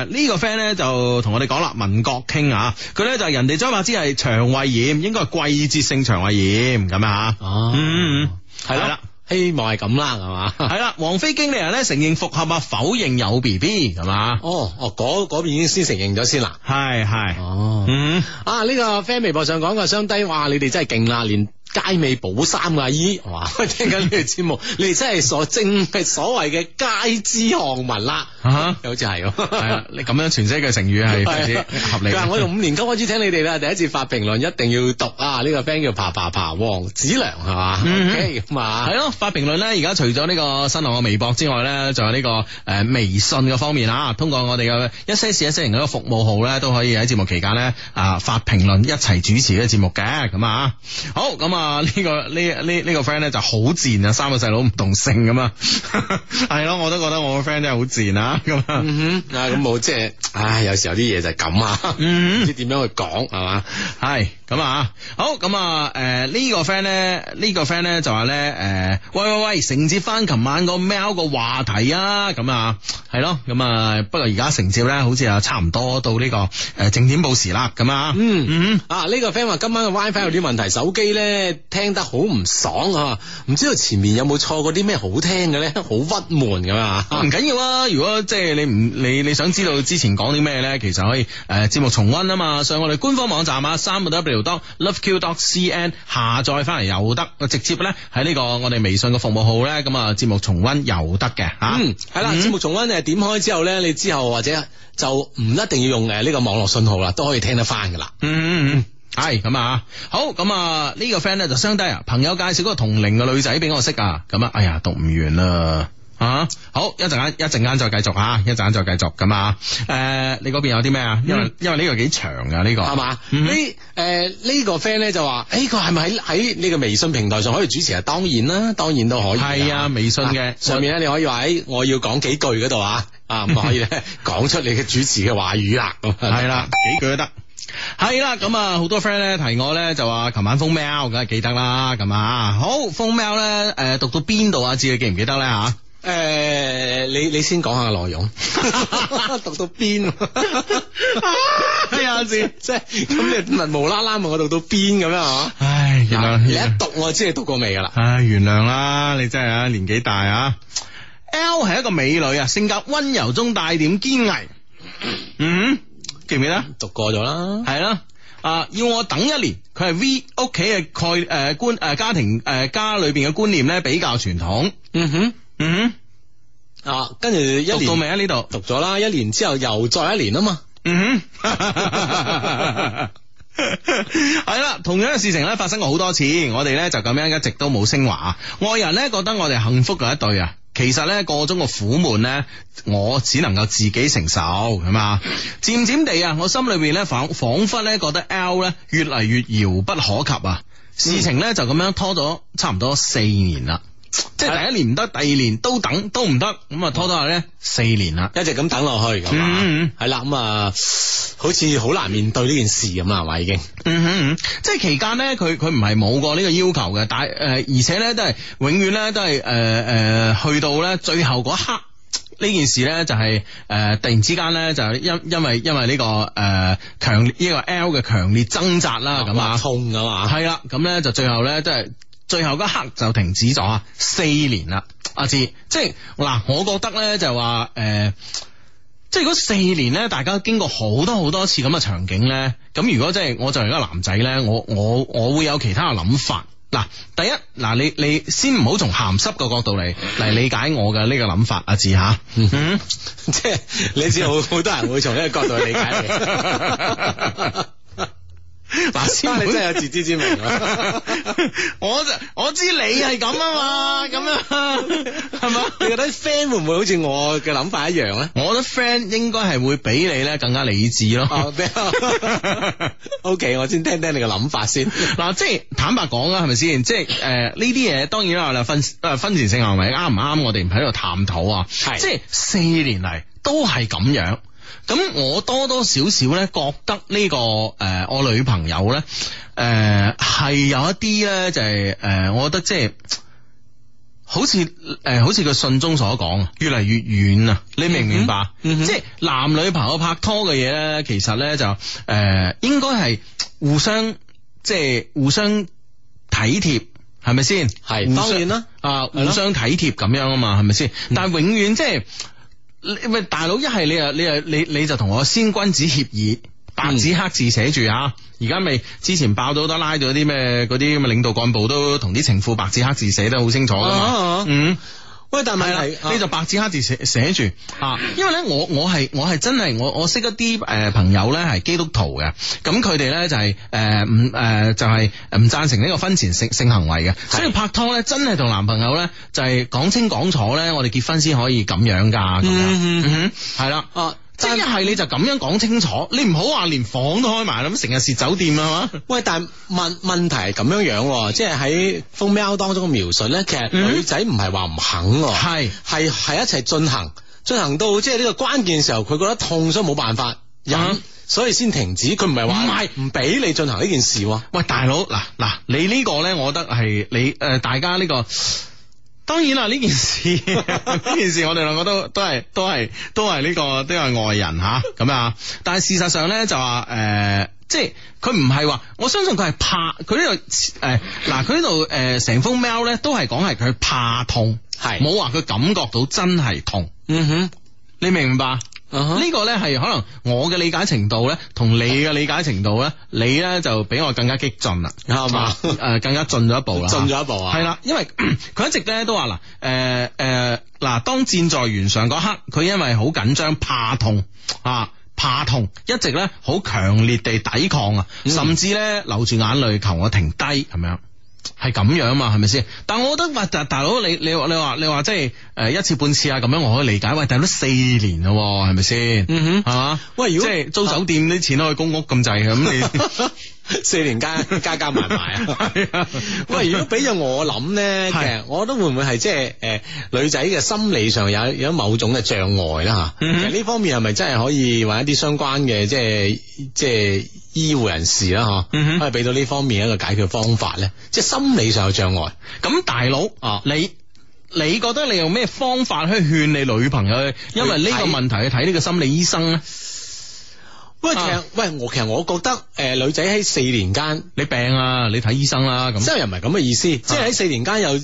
[SPEAKER 1] 呢個 friend 咧就同我哋講啦，民國傾啊，佢咧就係人哋將話知係腸胃炎，應該係季節性腸胃炎咁啊，哦，嗯嗯，係啦。希望係咁啦，係嘛、hey,？係啦， 王菲經理人咧承認復合啊，否認有 BB，係嘛？哦哦，嗰嗰邊已經先承認咗先啦。係係。哦，嗯啊，呢、這個 fan 微博上講個雙低，哇，你哋真係勁啦，連。街尾補三阿姨，哇！聽緊呢個節目，你哋真係所正係所謂嘅街知巷聞啦，好似係，你咁樣詮釋嘅成語係唔知合理。我用五年級開始聽你哋啦，第一次發評論一定要讀啊！呢個 friend 叫爬爬爬黃子良係嘛？OK，咁啊，係咯，發評論咧。而家除咗呢個新浪嘅微博之外咧，仲有呢個誒微信嘅方面啊。通過我哋嘅一些事一些情嗰個服務號咧，都可以喺節目期間呢啊發評論，一齊主持呢個節目嘅。咁啊，好咁啊。啊！呢、 呢個呢呢呢個 friend 咧、呢個、就好賤啊，三個細佬唔同性咁啊，係咯， 我都覺得我個 friend 真係好賤啊咁、mm hmm. 啊，嗯哼，啊咁冇即係，唉，有時候啲嘢就係咁啊，唔知點樣去講係嘛？係咁啊，好咁啊，誒、呃呢個、呢、呢個 friend 咧呢個 friend 咧就話咧，誒、呃、喂喂喂，承接翻琴晚個貓個話題啊，咁啊係咯，咁啊不過而家承接咧好似啊差唔多到呢個誒正點報時啦咁、mm hmm. 啊，嗯嗯啊呢個 friend 話今晚嘅 wifi 有啲問題， 手機咧。聽得好唔爽啊！唔知道前面有冇錯過啲咩好聽嘅咧？好鬱悶咁啊！唔緊要啊，如果即係、就是、你唔你你想知道之前講啲咩咧，其實可以誒節、呃、目重溫啊嘛，上我哋官方網站啊，三個 w dot loveq dot cn 下載翻嚟又得，直接咧喺呢、這個我哋微信嘅服務號咧，咁啊節目重溫又得嘅吓。啊、嗯，係啦，節、嗯、目重溫誒點開之後咧，你之後或者就唔一定要用誒呢個網絡信號啦，都可以聽得翻噶啦。嗯嗯嗯。係咁、哎、啊，好咁啊呢，這個 friend 咧就相睇啊，朋友介紹嗰個同齡嘅女仔俾我識啊，咁啊，哎呀讀唔完啦啊，好一陣間一陣間再繼續啊，一陣間再繼續咁啊，誒、啊、你嗰邊有啲咩啊？因為、嗯、因為呢個幾長啊呢，嗯這個係嘛？呢誒呢個 friend 咧就話誒佢係咪喺喺呢個微信平台上可以主持啊？當然啦，當然都可以係啊，微信嘅、啊、上面咧你可以話喺我要講幾句嗰度啊，啊咁可以咧講出你嘅主持嘅話語啦，係啦幾句都得。嗯係啦，咁啊好多 friend 咧提我咧就話，琴晚封 mail，梗係記得啦咁啊。好，封 mail 咧，誒，讀到邊度啊？知你記唔記得咧吓，誒，你你先講下內容，讀到邊啊？係啊，知即係咁你唔係無啦啦問我讀到邊咁樣啊？唉，原諒你一讀我知你讀過未噶啦。唉，原諒啦，來來你真係啊年紀大啊。L 係一個美女啊，性格溫柔中帶點堅毅。嗯。記唔記得？讀過咗啦，係啦，啊、呃，要我等一年，佢係 V 屋企嘅概誒觀誒家庭誒、呃、家裏邊嘅觀念咧比較傳統，嗯哼，嗯哼，啊，跟住一年到未喺呢度讀咗啦，一年之後又再一年啊嘛，嗯哼，係 啦， 同樣嘅事情咧發生過好多次，我哋咧就咁樣一直都冇升華，外人咧覺得我哋幸福嘅一對啊。其實咧個中嘅苦悶咧，我只能夠自己承受，係嘛？漸漸地啊，我心裏邊咧仿仿佛咧覺得 L 咧越嚟越遙不可及啊，事情咧就咁樣拖咗差唔多四年啦。即係第一年唔得，第二年都等都唔得，咁拖拖下咧四年啦，一直咁等落去，係啦、嗯嗯，咁啊，好似好難面對呢件事咁啦，我已經，嗯哼、嗯嗯嗯，即係期間咧，佢佢唔係冇過呢個要求嘅，但誒、呃，而且咧都係永遠咧都係誒誒，去到咧最後嗰一刻，呢件事咧就係、是、誒、呃、突然之間咧就因為因為因為呢個誒強烈呢個 L 嘅強烈掙扎啦，咁啊痛噶嘛，係啦，咁咧就最後咧都係。就是最後嗰刻就停止咗，啊，四年啦，阿志，即係嗱，我覺得呢就話，誒、呃，即係嗰四年呢，大家經過好多好多次咁嘅場景呢。咁如果即係我作為一個男仔呢，我我我會有其他嘅諗法，嗱，第一，嗱，你你先唔好從鹹濕嘅角度嚟嚟理解我嘅呢個諗法，阿志吓，啊、 即係你知好好多人會從呢個角度去理解你。 嗱，先、啊、你真係有自知之明啊！ 我就，我知你係咁啊嘛，咁啊，係嘛？ 你覺得 friend 會唔會好似我嘅諗法一樣咧？我覺得 friend 應該係會比你咧更加理智咯。 o、okay, K，我先聽聽你嘅諗法先。嗱， 即係坦白講啊，係咪先？即係誒，呢啲嘢當然有啦。嗱，婚誒婚前性行為啱唔啱？我哋唔喺度探討啊。係是，即係四年嚟都係咁樣。咁我多多少少咧覺得呢、呢個誒、呃，我女朋友咧誒係有一啲咧就係、是、誒、呃，我覺得即係好似誒，好似佢、呃、信中所講啊，越嚟越遠啊，你明唔明白？嗯嗯嗯、即係男女朋友拍拖嘅嘢咧，其實咧就誒、呃、應該係互相即係互相體貼，係咪先？係是、互相當然啦，啊互相體貼咁樣啊嘛，係咪先？嗯、但係永遠即係。喂，大佬，一係你啊，你啊，你你就同我先君子協議，白紙黑字寫住吓。而家咪之前爆到都拉咗啲咩，嗰啲咁嘅領導幹部都同啲情婦白紙黑字寫得好清楚噶嘛，啊啊啊、嗯。喂，但係咪、啊啊、你就白紙黑字寫寫住啊？因為咧，我我係我係真係我我識一啲誒、呃、朋友咧係基督徒嘅，咁佢哋咧就係誒唔誒就係唔贊成呢個婚前性性行為嘅，所以拍拖咧真係同男朋友咧就係、是、講清講楚咧，我哋結婚先可以咁樣噶，咁樣係啦。嗯哼但即係你就咁樣講清楚，你唔好話連房都開埋啦，咁成日蝕酒店啊嘛。喂，但係問問題係咁樣樣，即係喺封 mail 當中嘅描述呢，其實女仔唔係話唔肯，係係係一齊進行，進行到即係呢個關鍵時候，佢覺得痛，嗯、所以冇辦法，忍所以先停止。佢唔係話唔係唔俾你進行呢件事。喂，大佬，嗱嗱，你呢個呢，我覺得係你誒、呃，大家呢、這個。當然啦，呢件事呢件事， 件事我哋兩個都都係都係都係呢、這個都係外人吓咁啊，啊！但係事實上咧就話誒、呃，即係佢唔係話，我相信佢係怕佢、這個哎這個呃、呢度誒，嗱佢呢度誒成封 mail 咧都係講係佢怕痛，係冇話佢感覺到真係痛。嗯哼，你明唔明白？呢、uh huh. 個呢，係可能我嘅理解程度呢，同你嘅理解程度呢，你呢，就比我更加激進啦，係嘛、 啊？誒、呃，更加進咗一步啦， 進咗一步啊？係啦，因為佢一直咧都話嗱，誒、呃、誒，嗱、呃，當箭在弦上嗰刻，佢因為好緊張，怕痛啊，怕痛，一直呢，好強烈地抵抗啊，甚至呢，流住眼淚求我停低咁樣。係咁樣嘛，係咪先？但我覺得，喂、啊，大大佬，你你你話你話，即係誒一次半次啊，咁樣我可以理解。喂，但係都四年啦，係咪先？嗯哼，係嘛、啊？喂，如果即係租酒店啲錢可以供屋咁滯嘅，咁你 四年加加加埋埋 啊？喂，如果俾咗我諗咧嘅， 其實我覺得會唔會係即係誒女仔嘅心理上有有某種嘅障礙啦吓？嗯、哼其實呢方面係咪真係可以揾一啲相關嘅，即係即係？即即即即即醫護人士啦，嗬，可以俾到呢方面一個解決方法咧，即係心理上有障礙。咁大佬啊，你你覺得你用咩方法去勸你女朋友去？因為呢個問題去睇呢個心理醫生咧。喂，其實喂，我其實我覺得，誒，女仔喺四年間，你病啊，你睇醫生啦。咁即係又唔係咁嘅意思，即係喺四年間有有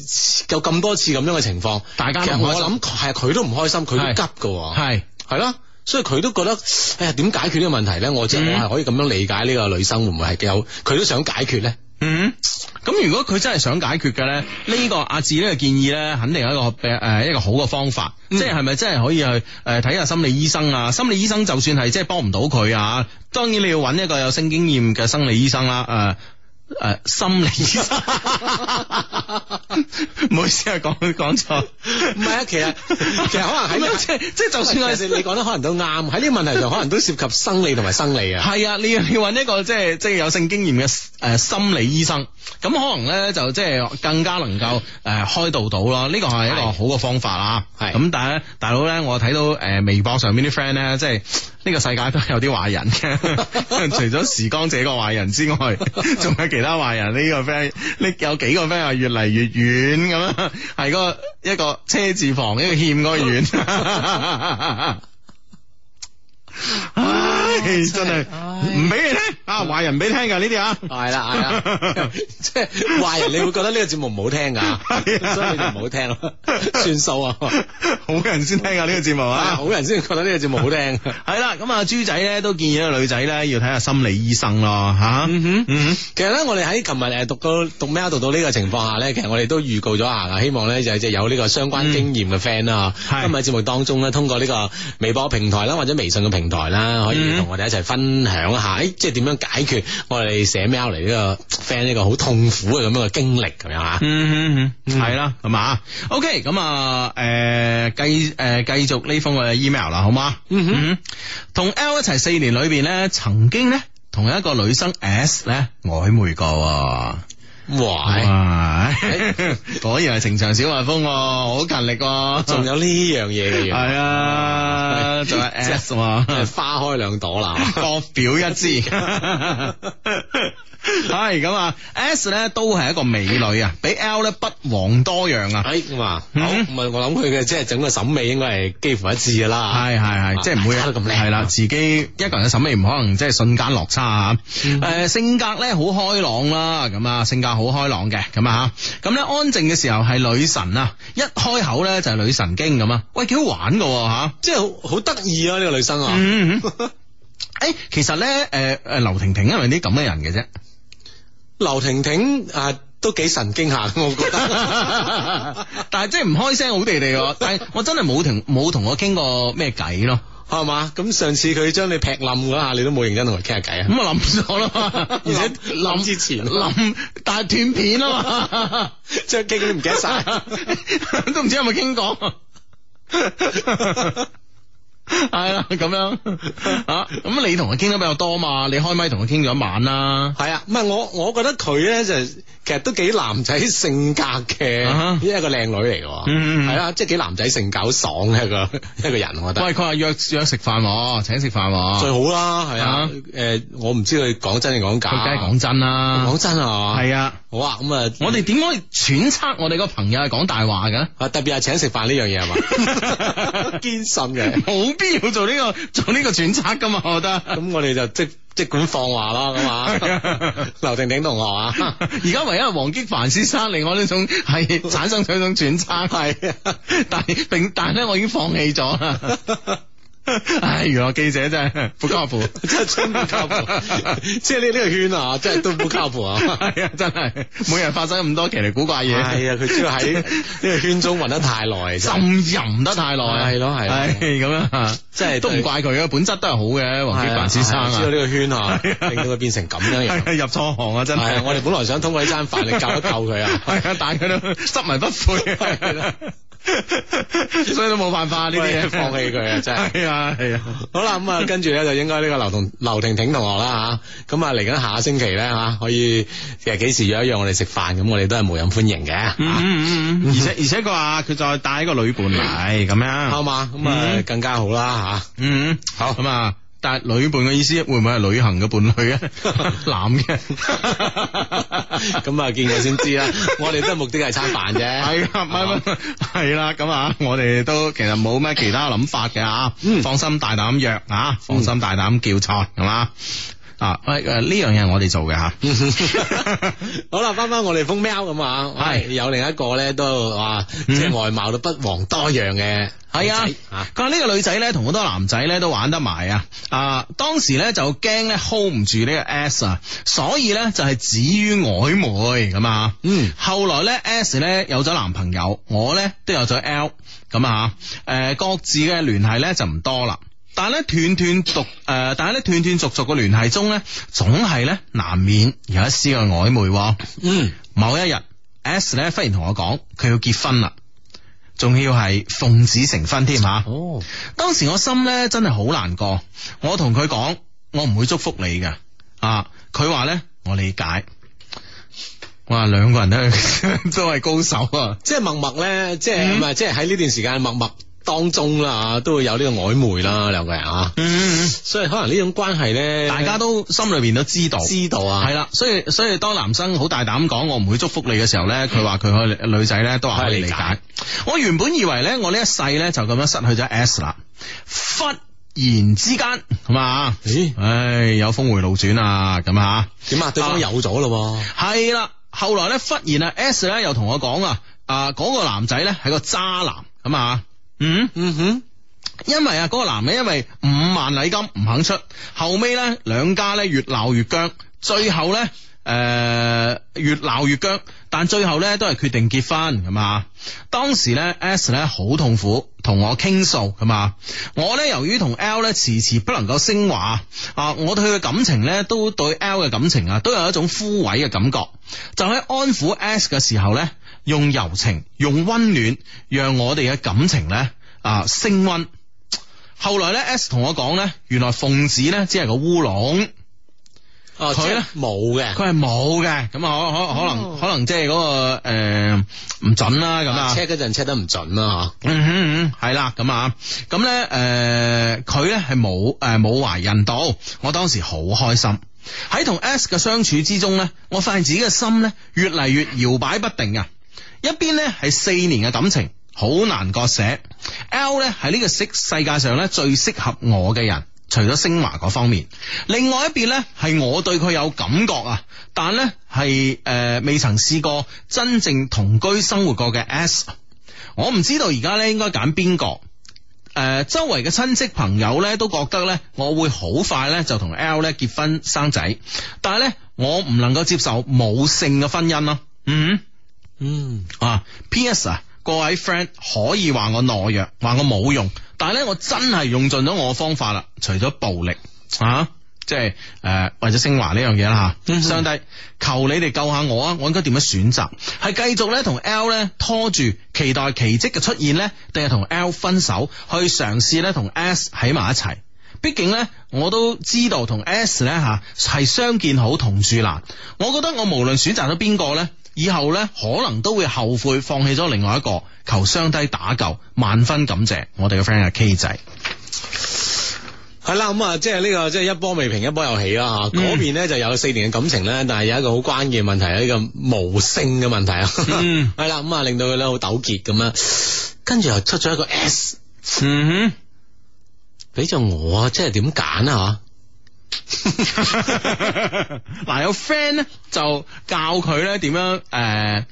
[SPEAKER 1] 咁多次咁樣嘅情況，大家其實我諗係佢都唔開心，佢都急噶，係係咯。所以佢都覺得，哎呀，點解決呢個問題呢？我即係我係可以咁樣理解呢個女生會唔會係幾好？佢、嗯、都想解決呢。嗯，咁如果佢真係想解決嘅呢，呢、這個阿志呢個建議呢，肯定係一個誒、呃、一個好嘅方法。嗯、即係係咪真係可以去誒睇下心理醫生啊？心理醫生就算係即係幫唔到佢啊，當然你要揾一個有性經驗嘅生理醫生啦、啊。誒、呃。誒、呃，心理醫生，唔 好意思啊，講講錯，唔係啊，其實其實可能喺即 是即，就算有陣時你講得可能都啱，喺呢個問題上可能都涉及生理同埋生理啊。係、嗯、啊，你要你要揾一個即即有性經驗嘅誒心理醫生，咁可能咧就即更加能夠誒是、呃、開導到咯。呢個係一個好嘅方法啊。係是，咁、嗯、但係咧，大佬咧，我睇到誒微博上邊啲 friend 咧，即。呢個世界都係有啲壞人嘅， 除咗時光者個壞人之外，仲 有其他壞人。呢 個 friend，呢有幾個 friend 係越嚟越遠咁，係個一個車字旁，一個欠一個遠。 唉，真係唔俾你聽啊！壞人唔俾聽噶呢啲啊，係啦係啦，即係壞人，你會覺得呢個節目唔好聽噶，所以你就唔好聽咯，算數啊，好人先聽啊呢個節目啊，好人先覺得呢個節目好聽。係啦，咁阿豬仔咧都建議個女仔咧要睇下心理醫生咯吓，嗯哼，嗯哼，其實咧我哋喺琴日誒讀到讀咩讀到呢個情況下咧，其實我哋都預告咗下啊，希望咧就即係有呢個相關經驗嘅 friend 啦，今日節目當中咧通過呢個微博平台啦或者微信嘅平。台啦，嗯、可以同我哋一齊分享一下，誒，即係點樣解決我哋寫 mail 嚟呢個 friend 呢個好痛苦嘅咁樣嘅經歷咁樣吓，嗯哼，係啦，咁啊 OK 咁啊，誒、呃，繼誒、呃、繼續呢封嘅 email 啦，好嘛，嗯哼，同、嗯、L 一齊四年裏邊咧，曾經咧，同一個女生 S 咧，曖昧過啊。哇！果然係情場小蜜蜂、哦，好勤力、哦。仲 有呢樣嘢嘅，係 啊，仲、啊、有 S 啊嘛，花開兩朵啦， 各表一枝。 係咁啊，S 咧都係一個美女啊，比 L 咧不遑多讓啊。係咁、哎嗯、啊，好唔係我諗佢嘅即係整個審美應該係幾乎一致噶啦。係係係，嗯、即係唔會有得咁靚。係啦、啊，自己一個人嘅審美唔可能即係瞬間落差啊。誒、嗯呃，性格咧好開朗啦、啊，咁啊，性格好開朗嘅咁啊，咁咧、啊、安靜嘅時候係女神啊，一開口咧就係女神經咁啊，啊。喂，幾好玩噶吓、啊，啊、即係好得意啊呢、這個女生。啊。誒， 其實咧，誒、呃、誒，劉婷婷因為啲咁嘅人嘅啫。 劉婷婷啊，都幾神經下，我覺得。 但係即係唔開聲，好地地。但係我真係冇同冇同我傾過咩偈咯，係嘛？咁上次佢將你劈冧嗰下，你都冇認真同佢傾下偈啊？咁啊冧咗咯。而且冧 之前冧但斷片啊嘛，張機佢都唔記得晒， 都唔知有冇傾過。 係、 嗯、啊，咁樣啊！咁你同佢傾得比較多嘛？你開麥同佢傾咗一晚啦。係啊，唔係、啊、我我覺得佢咧就其實都幾男仔性格嘅，因為個靚女嚟嘅，係啊，即係幾男仔性，搞爽嘅一個 一個人，我覺得。喂，佢話約約食飯，請食飯最好啦。係啊，誒，我唔知佢講真定講假，梗係講真啦，講真啊，係啊。 好啊，咁啊，嗯、我哋點可以揣測我哋個朋友係講大話嘅？特別係請食飯呢樣嘢係嘛？堅信嘅，冇 必要做呢、這個做呢個揣測噶嘛？我覺得，咁 我哋就即即管放話啦，咁啊，劉婷婷同學啊，而 家唯一黃激凡先生令我呢種係產生咗一種揣測，係， 但並但咧，我已經放棄咗啦。 唉，娛樂記者真係好靠譜，真係真唔靠譜，即係呢呢個圈啊，真係都好靠譜啊，係啊，真係每日發生咁多奇離古怪嘢，係啊，佢主要喺呢個圈中混得太耐，浸淫得太耐，係咯，係，係咁樣即真係都唔怪佢，佢本質都係好嘅，黃之凡先生，知道呢個圈啊，令到佢變成咁樣樣，入錯行啊，真係，我哋本來想通過一餐飯你教一教佢啊，但係佢都執迷不悔，係啦。 所以都冇辦法，呢啲嘢，放棄佢啊， 真係，係啊係啊。好啦，咁啊，跟住咧，就應該呢個劉同劉婷婷同學啦吓，咁啊嚟緊下個星期咧吓，可以誒幾時約一約我哋食飯，咁我哋都係無人歡迎嘅。嗯嗯嗯。而且而且佢話佢再帶一個女伴嚟，咁 樣、嗯、好嘛？咁啊更加好啦吓。Mm hmm. 嗯，好咁啊。嗯但係女伴嘅意思，會唔會係旅行嘅伴侶啊男嘅？咁 啊，見過先知啦。我哋都目的係餐飯啫，係係啦。咁啊，我哋都其實冇咩其他諗法嘅啊。放心大膽約啊，放心大膽叫菜咁啦.。 啊，誒、啊、誒，呢樣嘢係我哋做嘅吓， 好啦，翻翻我哋封喵。咁啊是，係、哎、有另一個咧都啊，即係外貌都不遑多讓嘅，係、嗯、啊，佢話呢個女仔咧同好多男仔咧都玩得埋啊，啊，當時咧就驚咧 hold 唔住呢個 S 啊，所以咧就係、是、止於曖昧咁啊，嗯，後來咧 S 咧有咗男朋友，我咧都有咗 L，咁啊，誒，各自嘅聯繫咧就唔多啦。但係咧斷斷續誒，但係咧斷斷續續嘅聯繫中咧，總係咧難免有一絲嘅曖昧，哦。嗯，某一日 S 咧忽然同我講，佢要結婚啦，仲要係奉子成婚添吓。哦，當時我心咧真係好難過，我同佢講，我唔會祝福你嘅。啊，佢話咧我理解，我話兩個人咧都係 高手，啊，即係默默咧，即係唔係即係喺呢段時間默默。當中啦，都會有呢個曖昧啦，兩個人啊， 所以可能呢種關係咧，大家都心裏邊都知道，知道啊，係啦，所以所以當男生好大膽講我唔會祝福你嘅時候咧，佢話佢可以，佢佢女仔咧都話可以理解。白我原本以為咧，我呢一世咧就咁樣失去咗 S 啦，忽然之間咁啊，咦唉，唉，有峰回路轉樣啊，咁啊，點啊？對方有咗咯，啊，係啦，後來咧忽然 S 啊 S 咧又同我講啊，啊，嗰個男仔咧係個渣男咁啊。嗯嗯哼，因為啊，嗰個男嘅因為五萬禮金唔肯出，後尾咧兩家咧越鬧越僵，最後咧誒、呃、越鬧越僵，但最後咧都係決定結婚，咁啊，當時咧 S 咧好痛苦，同我傾訴，咁啊，我咧由於同 L 咧遲遲不能夠升華啊、呃，我對佢嘅感情咧都對 L 嘅感情啊都有一種枯萎嘅感覺，就喺安撫 S 嘅時候咧。用柔情，用溫暖，讓我哋嘅感情咧啊、呃、升溫。後來咧，S 同我講咧，原來奉旨咧只係個烏龍。哦，佢咧冇嘅，佢係冇嘅。咁可可可能、哦、可能即係嗰個誒唔、呃、準啦。咁 check 嗰陣 check 得唔準啦吓。嗯嗯嗯，係啦咁啊。咁咧誒，佢咧係冇誒冇懷孕到。我當時好開心。喺同 S 嘅相處之中咧，我發現自己嘅心咧越嚟越搖擺不定啊。一邊呢係四年嘅感情好難割捨，L 呢係呢個世界上呢最適合我嘅人，除咗升華嗰方面，另外一邊呢係我對佢有感覺啊，但呢咧係誒未曾試過真正同居生活過嘅 S，我唔知道而家呢應該揀邊個，誒、呃、周圍嘅親戚朋友呢都覺得呢，我會好快呢就同 L 呢結婚生仔，但係呢，我唔能夠接受冇性嘅婚姻咯，嗯。嗯啊、ah，P.S. 啊，各位 friend 可以話我懦弱，話我冇用，但係咧我真係用盡咗我嘅方法啦，除咗暴力吓、啊，即係誒、呃、或者升華呢樣嘢啦吓。啊、 上帝求你哋救下我啊！我應該點樣選擇？係繼續咧同 L 咧拖住，期待奇迹嘅出現咧，定係同 L 分手，去嘗試咧同 S 喺埋一齊？畢竟咧我都知道同 S 咧吓係相見好同住難，我覺得我無論選擇咗邊個咧。以後咧可能都會後悔放棄咗另外一個求相低打救，萬分感謝我哋嘅 friend 阿 K 仔。係啦、嗯，咁、就、啊、是這個，即係呢個即係一波未平一波又起啦。嗰邊咧就有四年嘅感情咧，但係有一個好關鍵嘅問題係呢個無聲嘅問題啊。 嗯，係啦、嗯，咁啊令到佢咧好糾結咁啊。跟住又出咗一個 S，嗯哼，俾咗、mm hmm. 我啊，即係點揀啊？嗱、 呃， 有 friend 咧就教佢咧點樣誒，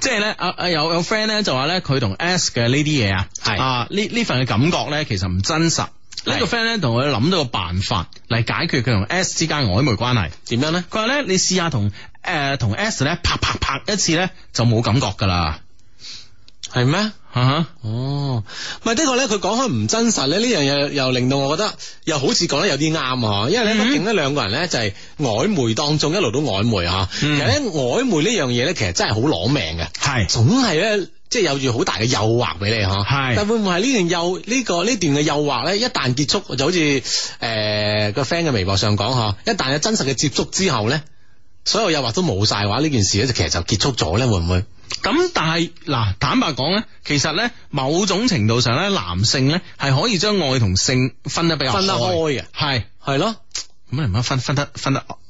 [SPEAKER 1] 即係咧阿阿有有 friend 咧就話咧佢同 S 嘅呢啲嘢啊，係啊呢呢份嘅感覺咧其實唔真實。呢是個 friend 咧同佢諗到個辦法嚟解決佢同 S 之間曖昧關係，點樣咧？佢話咧你試下同誒同 S 咧啪，啪啪啪一次咧就冇感覺噶啦，係咩？啊哦，唔係、Uh huh. Oh. 的確咧，佢講開唔真實咧，呢樣嘢又令到我覺得又好似講得有啲啱啊。因為咧畢竟呢、嗯、兩個人咧就係、是、曖昧當中一路都曖昧吓、嗯，其實咧曖昧呢樣嘢咧其實真係好攞命嘅，係是總係咧即係有住好大嘅誘惑俾你吓，係是但會唔會係呢段誘呢、呢個呢段嘅誘惑咧一旦結束就好似誒、呃、個 friend 嘅微博上講吓，一旦有真實嘅接觸之後咧，所有誘惑都冇晒嘅話，呢件事咧就其實就結束咗咧，會唔會？咁但係嗱，坦白講咧，其實咧，某種程度上咧，男性咧係可以將愛同性分得比較分得開嘅、啊，係係咯。咁你唔好分分得分得。分得分得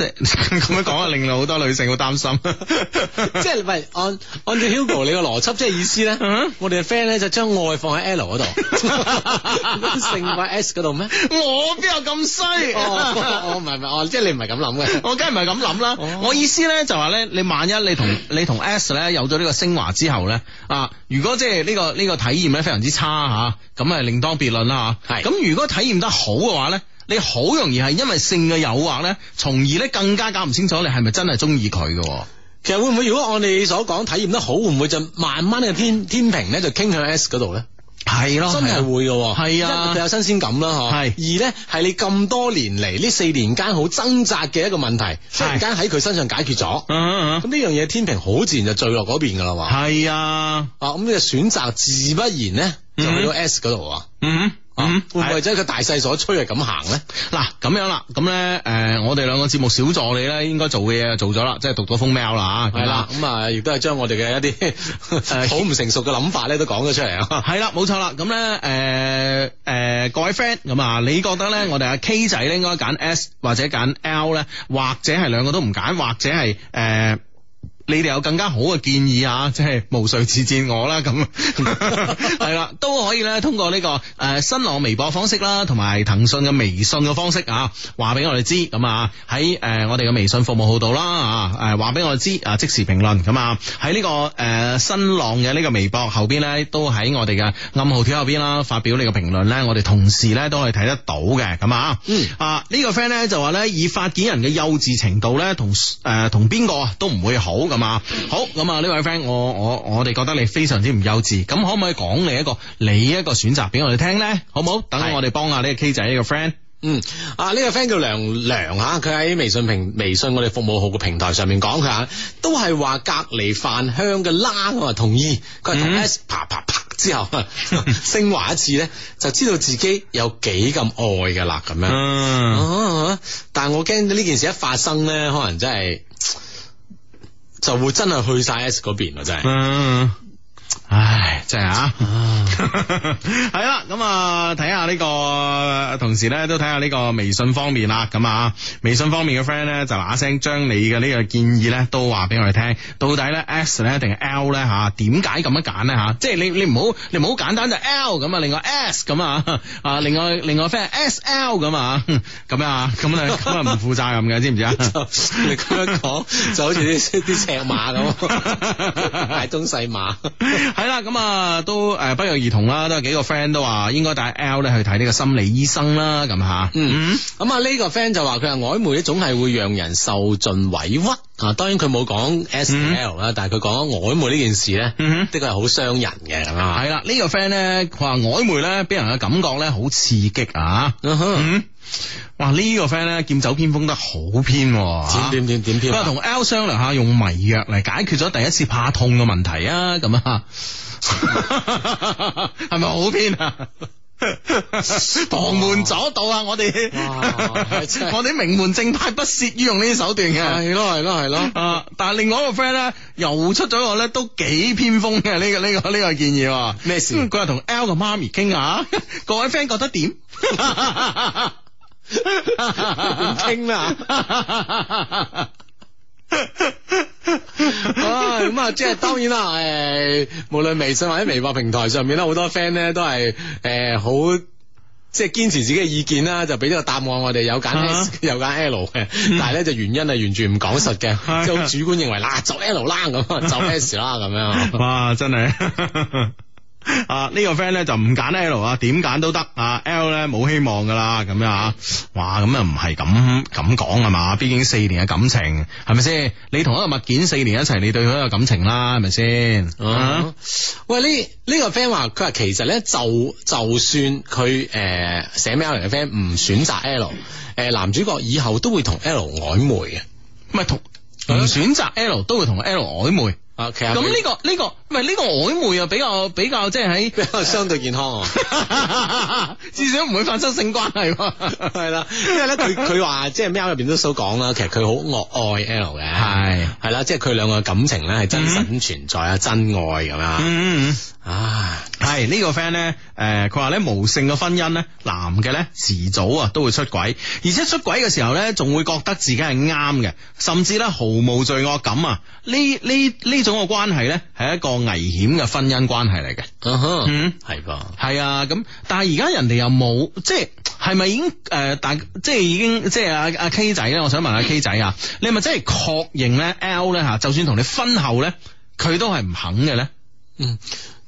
[SPEAKER 1] 即係咁樣講啊，令到好多女性好擔心 即。即係唔係，按按照 Hugo 你個邏輯，即係意思咧，uh huh? 我哋嘅 friend 咧就將愛放喺 L 嗰度，性 喺 S 嗰度咩？我邊有咁衰？哦哦唔係唔係哦，oh, 即係你唔係咁諗嘅， 我梗係唔係咁諗啦。Oh. 我意思咧就話、是、咧，你萬一你同你同 S 咧有咗呢個升華之後咧啊，如果即係呢個呢、呢個體驗咧非常之差吓，咁啊另當別論啦吓。係咁的如果體驗得好嘅話咧。你好容易係因為性嘅誘惑咧，從而咧更加搞唔清楚你係咪真係中意佢嘅。其實會唔會如果我哋所講體驗得好，會唔會就慢慢嘅天天平咧就傾向 S 嗰度咧？係咯，真係會嘅。係啊，佢有新鮮感啦，係。而咧係你咁多年嚟呢四年間好掙扎嘅一個問題，突然間喺佢身上解決咗，咁呢樣嘢天平好自然就墜落嗰邊噶啦嘛。係啊，啊咁你嘅選擇自不然咧就去到 S 嗰度啊。啊、嗯，或者佢大勢所趨係咁行咧？嗱，咁樣啦，咁咧，誒，我哋兩個節目小助理咧，應該做嘅嘢，做咗啦，即係讀咗封 mail 啦，係啦，咁啊，亦、嗯、都係將我哋嘅一啲好唔成熟嘅諗法咧，都講咗出嚟。啊，係啦，冇錯啦，咁、呃、咧，誒，誒，各位 friend，咁啊，你覺得咧，的我哋阿 K 仔咧，應該揀 S 或者揀 L 咧，或者係兩個都唔揀，或者係誒。你哋有更加好嘅建議啊，即係無償指戰我啦咁，係 啦都可以咧通過呢、這個誒、呃、新浪微博方式啦，同埋騰訊嘅微信嘅方式啊，話俾我哋知咁啊喺誒、呃、我哋嘅微信服務號度啦啊誒話俾我哋知啊即時評論咁啊喺呢、這個誒、呃、新浪嘅呢個微博後邊咧都喺我哋嘅暗號貼後邊啦發表你嘅評論咧，我哋同時咧都可以睇得到嘅咁啊嗯啊呢、這個 friend 咧就話咧以發件人嘅幼稚程度咧同誒、呃、同邊個啊都唔會好咁。好咁，嗯、啊呢位 friend 我我我哋覺得你非常之唔幼稚咁，可唔可以講你一個你一個選擇俾我哋聽咧好唔好？等我哋幫下呢個 k 仔呢、呢個 friend 嗯啊呢、呢個 friend 叫梁梁吓佢喺微信平微信我哋服務號嘅平台上面講佢吓都係話隔離飯香嘅啦，我話同意佢同 S 啪啪啪之後呵呵升華一次咧就知道自己有幾咁愛噶啦咁樣，嗯啊啊，但係我驚呢件事一發生咧可能真係。就會真係去晒 S 嗰邊咯，真係嗯。嗯嗯唉，真係啊！係 啦，咁、嗯、啊，睇下呢個，同時咧都睇下呢個微信方面啦。咁啊，微信方面嘅 friend 咧就嗱聲將你嘅呢個建議咧都話俾我哋聽。到底咧 S 咧定係 L 咧吓？點解咁樣揀咧吓？即係你你唔好你唔好簡單就 L 咁啊，另外 S 咁啊，啊另外另外 friend S L 咁啊，咁樣咁啊咁啊唔負責咁嘅，知唔知？啊？ 你咁樣講，就好似啲啲尺碼咁， 大中細碼。係啦，咁啊都誒、呃、不約而同啦，都有幾個 friend 都話應該帶 L 咧去睇呢個心理醫生啦，咁吓。嗯，咁啊呢個 friend 就話佢話曖昧咧總係會讓人受盡委屈啊。當然佢冇講 S L 啦，嗯，但係佢講曖昧呢件事咧，的確係好傷人嘅。係啦，呢個 friend 咧佢話曖昧咧俾人嘅感覺咧好刺激啊。嗯哼嗯哼哇！呢、這個 friend 咧劍走偏鋒得好偏、啊，點點點點偏、啊。佢話同 L 商量下，用迷藥嚟解決咗第一次怕痛嘅問題啊，咁 啊，係咪好偏啊？旁門左道啊！我哋、 就是、 我哋名門正派不屑於用呢啲手段嘅，係咯係咯係咯啊！但係另外一個 friend 咧又出咗、這個咧都幾偏鋒嘅呢個呢個呢個建議，咩事？佢話同 L 嘅媽咪傾下，各位 friend 覺得點？ 唔傾啦，哇、 哦！咁即係當然啦，誒，無論微信或者微博平台上面啦，好多 friend 咧都係誒好，即係堅持自己嘅意見啦， 就俾咗個答案，我哋有揀 S，, S, 有揀 L 嘅，但係咧就原因係完全唔講實嘅， 即係好主觀認為啦、啊，就 L 啦咁，就 S 啦咁樣，哇！ 真係。 啊！這個、呢個 friend 咧就唔揀 L 啊，點揀都得啊！L 咧冇希望噶啦，咁樣啊！哇，咁又唔係咁咁講啊嘛？畢竟四年嘅感情係咪先？你同一個物件四年一齊，你對佢一個感情啦，係咪先？嗯嗯嗯、喂，呢呢、這個 friend 話，佢話其實咧就就算佢誒寫咩嘅 friend 唔選擇 L，誒、呃、男主角以後都會 L、嗯、同 L 曖昧啊，唔係同唔選擇 L 都會同 L 曖昧。咁呢、呢個呢、呢個唔係呢個曖昧啊，比較比較即係喺比較相對健康、啊， 至少唔會發生性關係、啊，係 啦。 因為咧佢佢話即係喵入邊都所講啦，其實佢好惡愛 L 嘅，係係啦，即係佢兩個感情咧係真實存在啊，嗯、哼真愛咁樣。嗯唉呃、啊，係呢個 friend 咧，誒，佢話咧無性嘅婚姻咧，男嘅咧遲早啊都會出軌，而且出軌嘅時候咧，仲會覺得自己係啱嘅，甚至咧毫無罪惡感啊！呢呢呢種嘅關係咧，係一個危險嘅婚姻關係嚟嘅。嗯哼、啊呵，嗯，係吧，係啊，咁但係而家人哋又冇，即係係咪已經誒，大、呃、即係已經即係阿阿 K 仔咧，我想問下 K 仔啊，你係咪真係確認咧 L 咧吓，就算同你婚後咧，佢都係唔肯嘅咧？嗯。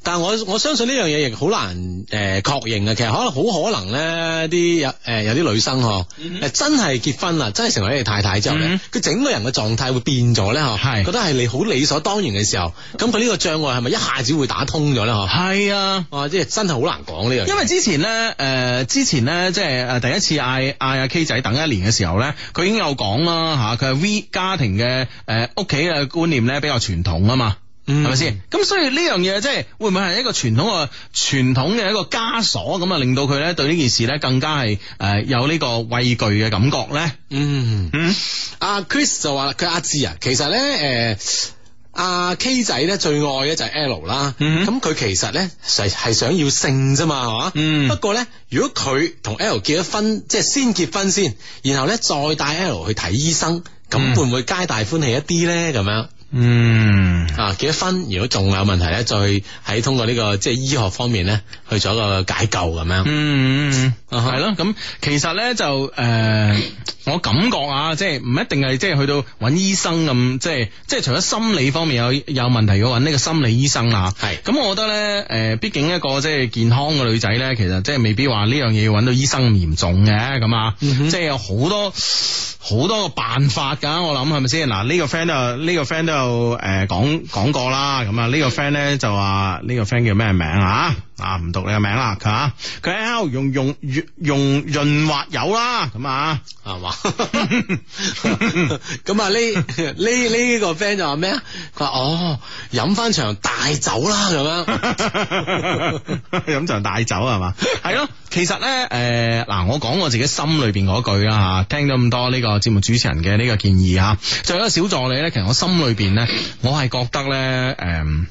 [SPEAKER 1] 但係我我相信呢樣嘢亦好難誒確、呃、認啊，其實可能好可能咧，啲、呃、有誒有啲女生嗬誒、嗯、哼真係結婚啦，真係成為你太太之後，咧、嗯哼，佢整個人嘅狀態會變咗咧嗬，是覺得係你好理所當然嘅時候，咁佢呢個障礙係咪一下子會打通咗咧嗬？係啊，哇、啊，即係真係好難講呢樣。因為之前咧誒、呃，之前咧即係誒第一次嗌嗌阿 K 仔等一年嘅時候咧，佢已經有講啦吓，佢係 V 家庭嘅誒屋企嘅觀念咧比較傳統啊嘛。係咪先？咁、嗯、所以呢樣嘢即係會唔會係一個傳統啊？傳統嘅一個枷鎖咁、呃嗯、啊，啊，令到佢咧對呢件事咧更加係誒有呢個畏懼嘅感覺咧。嗯嗯，阿 Chris 就話啦，佢阿志啊，其實咧誒阿 K 仔咧最愛嘅就係 L 啦。嗯，咁佢其實咧係係想要性啫嘛，係嘛。嗯。不過咧，如果佢同 L 結咗婚，即係先結婚先，然後咧再帶 L 去睇醫生，咁會唔會皆大歡喜一啲咧？咁樣、嗯。嗯啊，結咗婚，如果仲有問題咧，再喺通過呢、這個即係醫學方面咧，去做一個解救咁樣嗯。嗯，嗯係咯。咁、uh huh. 其實咧就誒、呃，我感覺啊，即係唔一定係即係去到揾醫生咁，即係即係除咗心理方面有有問題，嘅揾呢個心理醫生啊係。咁的我覺得咧，誒、呃，畢竟一個即係健康嘅女仔咧，其實即係未必話呢樣嘢要揾到醫生咁嚴重嘅咁啊。Mm hmm. 即係有好多好多嘅辦法噶，我諗係咪先？嗱，呢個 friend 都有，呢個 friend 都呃、這這就誒講講過啦，咁啊呢個 friend 咧就話呢個 friend 叫咩名啊？啊！唔讀你個名啦，佢啊，佢喺度用用用潤滑油啦，咁啊，係嘛？咁啊，呢呢呢個 friend 就話咩啊？佢話、 啊那個、哦，飲翻場大酒啦，咁樣飲、啊、 場大酒係嘛？係咯， 其實咧，誒，嗱，我講我自己心裏邊嗰句啦吓，聽咗咁多呢個節目主持人嘅呢個建議吓，作為一個小助理咧，其實我心裏邊咧，我係覺得咧，誒、呃。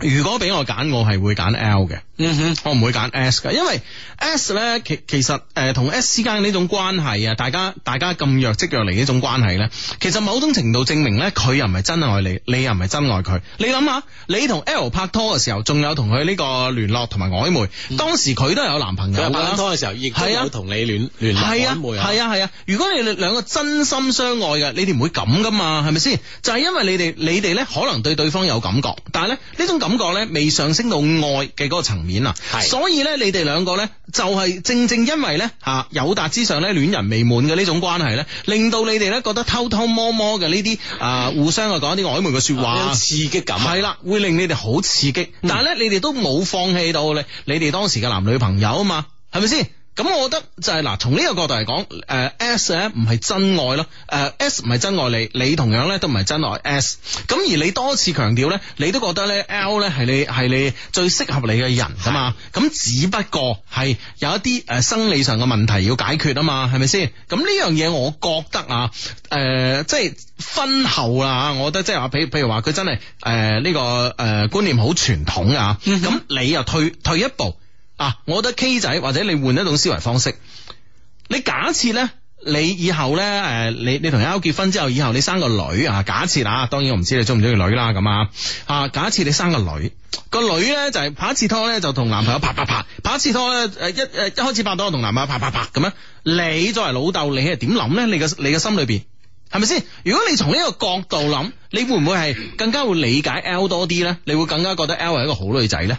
[SPEAKER 1] 如果俾我揀，我係會揀 L 嘅。嗯哼、mm，hmm. 我唔會揀 S 噶，因為 S 咧其其實誒同、呃、S 之間呢種關係啊，大家大家咁若即若離呢種關係咧，其實某種程度證明咧佢又唔係真愛你，你又唔係真愛佢。你諗下，你同 L 拍拖嘅時候，仲有同佢呢個聯絡同埋曖昧，當時佢都有男朋友啦、啊，拍拖嘅時候亦有同你聯聯絡啊，係啊係啊，啊，啊，啊。如果你兩兩個真心相愛嘅，你哋唔會咁噶嘛，係咪先？就係、是、因為你哋你哋咧可能對對方有感覺，但係咧呢種感感覺咧未上升到愛嘅嗰個層面啊，是所以咧你哋兩個咧就係正正因為咧吓友達之上咧戀人未滿嘅呢種關係咧，令到你哋咧覺得偷偷摸摸嘅呢啲啊互相去講啲曖昧嘅說話，啊、有刺激感係啦，會令你哋好刺激，嗯、但係咧你哋都冇放棄到你你哋當時嘅男女朋友啊嘛，係咪先？咁我覺得就係嗱，從呢個角度嚟講，誒，S 咧唔係真愛咯，誒，S 唔係真愛你，你同樣咧都唔係真愛 S。咁而你多次強調咧，你都覺得咧，L 咧係你係你最適合你嘅人㗎嘛。咁的只不過係有一啲誒生理上嘅問題要解決啊嘛，係咪先？咁呢樣嘢我覺得啊，誒、呃，即係婚後啦，我覺得即係話，譬譬如話佢真係誒呢個誒觀念好傳統啊。咁、嗯、哼你又退退一步。啊，我覺得 K 仔或者你換一種思維方式，你假設咧，你以後咧，誒、呃，你你同 L 結婚之後，以後你生個女啊，假設啊，當然我唔知你中唔中意女啦，咁啊，啊，假設你生個女，個女咧就係、是、拍一次拖咧就同男朋友啪啪啪，拍一次拖咧一誒一，一開始拍拖同男朋友啪啪啪咁樣，你作為老豆，你係點諗咧？你嘅你嘅心裏邊係咪先？如果你從呢個角度諗，你會唔會係更加會理解 L 多啲咧？你會更加覺得 L 係一個好女仔咧？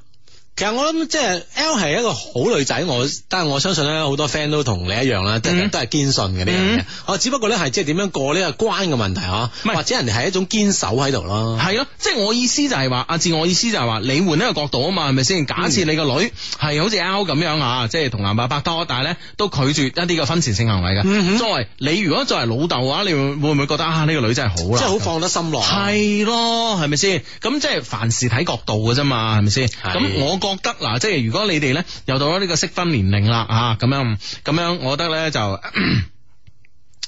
[SPEAKER 1] 其實我諗即係 L 係一個好女仔，我但係我相信咧，好多 friend 都同你一樣啦，嗯、都係都係堅信嘅呢樣嘢。哦、嗯，只不過咧係即係點樣過呢個關嘅問題吓，是或者人哋係一種堅守喺度咯。係咯，即係我意思就係話，自我我意思就係話，你換一個角度啊嘛，係咪先？假設你個女係好似 L 咁樣啊，即係同男伯伯拖，但係咧都拒絕一啲嘅婚前性行為嘅。作為、嗯、你如果作為老豆啊，你會唔會覺得啊呢、呢個女仔好啊？即係好放得心落。係咯，係咪先？咁即係凡事睇角度嘅啫嘛，係咪先？咁我的。的覺得嗱，即係如果你哋咧又到咗呢個適婚年齡啦，吓咁樣咁樣，樣我覺得咧就。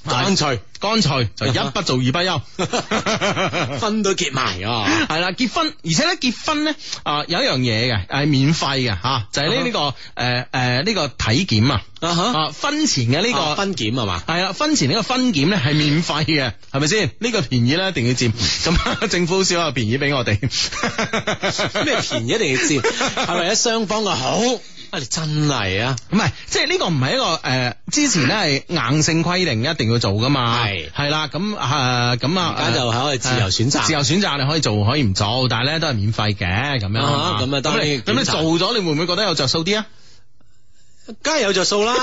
[SPEAKER 1] 乾脆，乾脆就脆一不做二不休，婚 都結埋，啊。係啦，結婚，而且咧結婚咧、呃，啊有一樣嘢嘅，係免費嘅，吓就係呢呢個，誒誒呢個體檢、uh huh. 啊，吓，婚前嘅呢、這個、uh huh. 啊、婚檢係嘛，係啦，婚前呢個婚檢咧係免費嘅，係咪先？呢、這個便宜咧一定要佔，咁政府少有便宜俾我哋，咩便宜一定要佔，係咪啊？雙 方嘅好。真係啊，唔係，即係呢個唔係一個誒、呃，之前咧係硬性規定一定要做噶嘛，係係啦，咁誒咁啊，咁、呃、就可以自由選擇、呃，自由選擇你可以做，可以唔做，但係咧都係免費嘅咁樣，咁啊，咁、嗯、然你咁你，查你做咗，你會唔會覺得有着數啲啊？梗係有着數啦，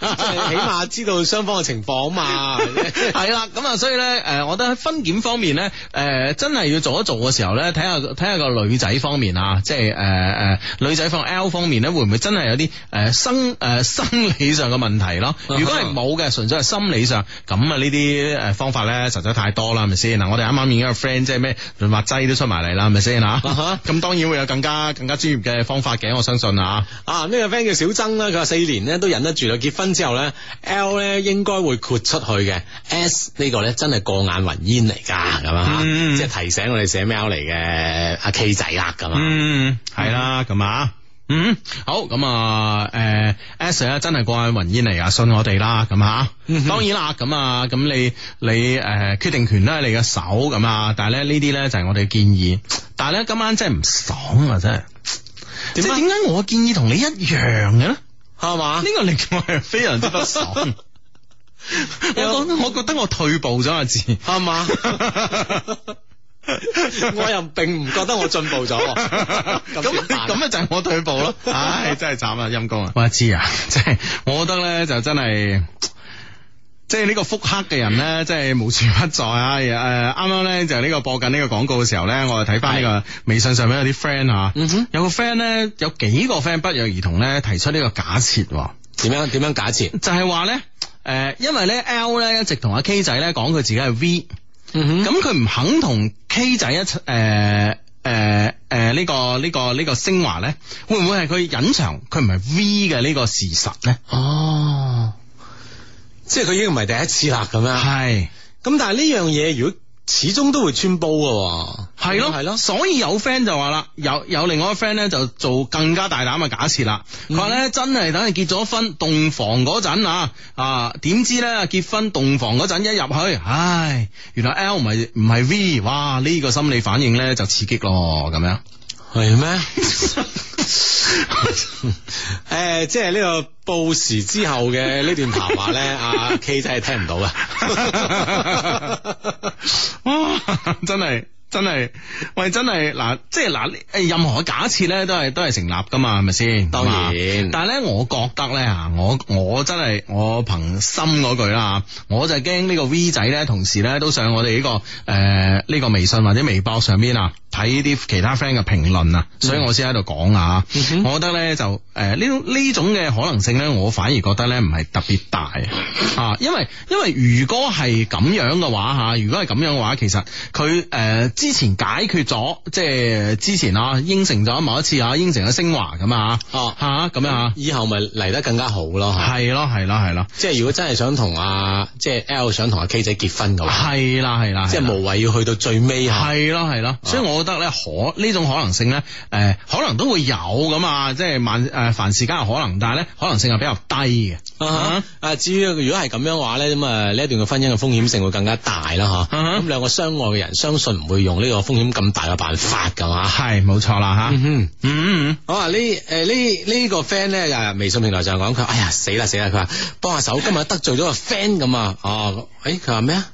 [SPEAKER 1] 即係起碼知道雙方嘅情況嘛。係啦，咁啊，所以咧，誒，我覺得喺分檢方面咧，誒，真係要做一做嘅時候咧，睇下睇下個女仔方面啊，即係誒誒，女仔放 L 方面咧，會唔會真係有啲誒生誒生理上嘅問題咯？如果係冇嘅，純粹係心理上，咁啊呢啲誒方法咧，實在太多啦，係咪先嗱？我哋啱啱已經個 friend 即係咩潤滑劑都出埋嚟啦，係咪先啊？咁當然會有更加更加專業嘅方法嘅，我相信啊啊呢個 friend 叫小曾啦。廿四年咧都忍得住啦，結婚之後咧 L 咧應該會豁出去嘅，S 呢個咧真係過眼雲煙嚟，噶咁啊，即係提醒我哋寫 mail 嚟嘅阿 K 仔啦咁啊，嗯係啦咁啊，嗯好咁啊，誒 S 咧真係過眼雲煙嚟啊，信我哋啦咁啊，當然啦咁啊，咁你你誒、呃、決定權咧係你嘅手咁啊，但係咧呢啲咧就係我哋嘅建議，但係咧今晚真係唔爽啊，真係，即係點解我建議同你一樣嘅咧？係嘛？呢個令我係非常之不爽。我我 我覺得我退步咗阿字係嘛？ 我又並唔覺得我進步咗。咁咁咪就係我退步咯。 唉，真係慘啊，陰公啊！阿知啊，即係我覺得咧，就真係。即係呢個腹黑嘅人咧，即係無處不在啊！誒、呃，啱啱咧就係、是、呢個播緊呢個廣告嘅時候咧，我就睇翻呢個微信上面有啲 friend 啊，嗯、哼有個 friend 咧，有幾個 friend 不約而同咧提出呢個假設，點樣點樣假設？就係話咧，誒、呃，因為咧 L 咧一直同阿 K 仔咧講佢自己係 V，咁佢唔肯同 K 仔一齊誒誒誒呢個呢個呢個升華咧，會唔會係佢隱藏佢唔係 V 嘅呢個事實咧？哦。即係佢已經唔係第一次啦，咁樣。係是，咁但係呢樣嘢如果始終都會穿煲噶，係咯的，係咯。所以有 friend 就話啦，有有另外一個 friend 咧就做更加大膽嘅假設啦。佢話咧、嗯、真係等你結咗婚洞房嗰陣啊啊，點知咧結婚洞房嗰陣一入去，唉，原來 L 唔係唔係 V，哇！呢、這個心理反應咧就刺激咯，咁樣。係咩嗎？ 誒、 呃，即係呢個報時之後嘅呢段談話咧，阿、 啊、K 仔係聽唔到嘅，哇！真係真係，喂，真係嗱，即係嗱，任何假設咧都係都係成立噶嘛，係咪先？當然，但係咧，我覺得咧啊，我我真係我憑心嗰句啦，我就驚呢個 V 仔咧，同時咧都上我哋呢、呢個誒呢、呃呢個微信或者微博上邊啊。睇啲其他 friend 嘅評論啊，所以我先喺度講啊。我覺得咧就誒呢種呢種嘅可能性咧，我反而覺得咧唔係特別大啊。因為因為如果係咁樣嘅話吓，如果係咁樣嘅話其實佢誒之前解決咗，即係之前啊應承咗某一次啊，應承咗升華咁啊嚇吓咁樣啊以後咪嚟得更加好咯。係咯係咯係咯，即係如果真係想同啊即係 L 想同阿 K 仔結婚嘅話，係啦係啦，即係無謂要去到最尾係咯係咯，所以我。得咧可呢種可能性咧，誒、呃，可能都會有咁啊，即係萬誒、呃、凡事皆有可能，但係咧可能性係比較低嘅。Uh huh. 啊，至於如果係咁樣嘅話咧，咁啊呢一段嘅婚姻嘅風險性會更加大啦，嗬、啊。咁兩、uh huh. 個相愛嘅人，相信唔會用呢個風險咁大嘅辦法噶嘛。係，冇錯啦，吓、啊嗯。嗯嗯嗯。好啊、啊呃這個、呢誒呢呢個 friend 咧，誒微信平台上講佢，哎呀死啦死啦，佢話幫下手 今日得罪咗個 friend 咁啊。哦，誒佢話咩啊？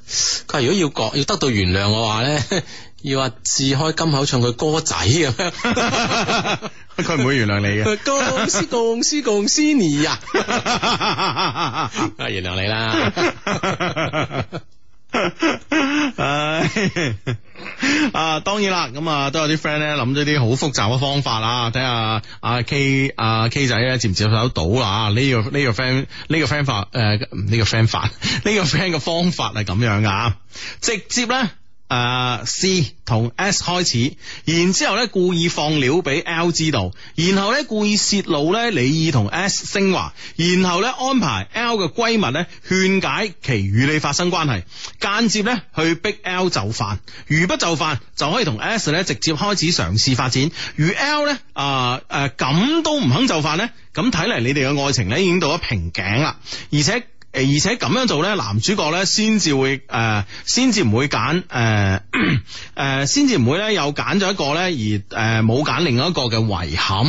[SPEAKER 1] 佢話如果要覺要得到原諒嘅話咧？ 要話自開金口唱佢歌仔咁樣，佢 唔 會原諒你嘅。恭喜恭喜恭喜你啊！原諒你啦。唉、uh，啊當然啦，咁啊都有啲 friend 咧，諗咗啲好複雜嘅方法啊，睇下阿 K 阿 K 仔咧接唔接受到啦。呢個呢個 friend 呢個 friend 法誒呢個 friend 法呢個 friend 嘅方法係咁樣噶直接咧。啊、呃、，C 同 S 開始，然之後咧故意放料俾 L 知道，然後咧故意洩露咧李二同 S 升華，然後咧安排 L 嘅閨蜜咧勸解其與你發生關係，間接咧去逼 L 就範，如不就範，就可以同 S 咧直接開始嘗試發展，如 L 咧啊誒咁都唔肯就範咧，咁睇嚟你哋嘅愛情咧已經到咗瓶頸啦，而且。誒，而且咁樣做咧，男主角咧先至會誒，先至唔會揀誒誒，先至唔會咧有揀咗一個咧，而誒冇揀另一個嘅遺憾。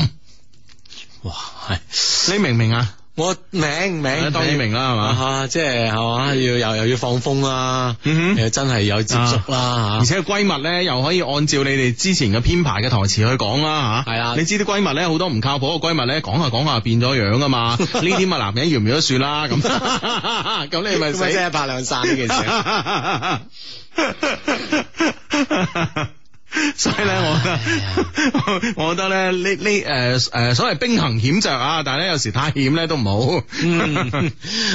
[SPEAKER 1] 哇，係，你明唔明啊？我名名當然明啦，係嘛名吧、啊，即係係嘛，要又又要放風啦，啊，又、嗯、哼真係有接觸啦，啊啊，而且閨蜜咧又可以按照你哋之前嘅編排嘅台詞去講啦，啊、吓，啊，係啦，啊，你知啲閨蜜咧好多唔靠譜嘅閨蜜咧講下講下變咗樣噶嘛，呢啲啊男人要唔要得算啦，啊，咁咁 你咪使即係拍兩散呢件事。 所以咧，我我覺得咧，啊、 得呢呢誒誒，所謂兵行險着啊，但係咧有時太險咧都唔好。 嗯、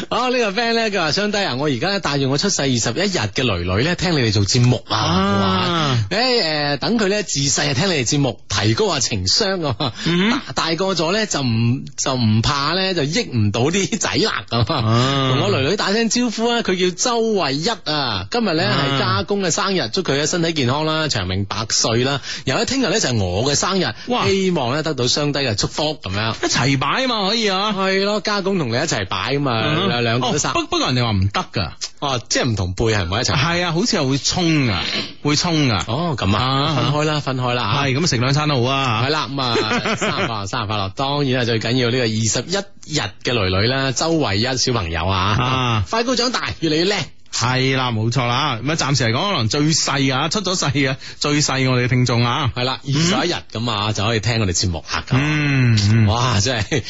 [SPEAKER 1] 好呢、這個 friend 咧，佢話雙低啊，我而家帶住我出世二十一日嘅女女咧，你呃、聽你哋做節目啊，誒等佢咧自細啊聽你哋節目，提高下情商，嗯、大大啊。大個咗咧就唔就唔怕咧就益唔到啲仔喇，咁同我女女打聲招呼啊，佢叫周慧一啊，今日咧係家公嘅生日，祝佢嘅身體健康啦，長命百歲啦，然後咧聽日咧就係我嘅生日，哇！希望咧得到雙低嘅祝福咁樣，一齊擺啊嘛，可以啊？係咯，家公同你一齊擺啊嘛，兩個都生。不不過人哋話唔得噶，哦，即係唔同輩係咪一齊？係啊，好似係會沖啊，會沖啊。哦，咁啊，分開啦，分開啦。係咁食兩餐都好啊。係啦，咁啊，生日快樂，生日快樂。當然係最緊要呢個二十一日嘅女女啦，周偉一小朋友啊，快高長大，越嚟越叻。係啦，冇錯啦。咁啊，暫時嚟講，可能最細啊，出咗世啊，最細我哋嘅聽眾啊，係啦，二十一日咁啊，就可以聽我哋節目啦、啊嗯。嗯，哇，真係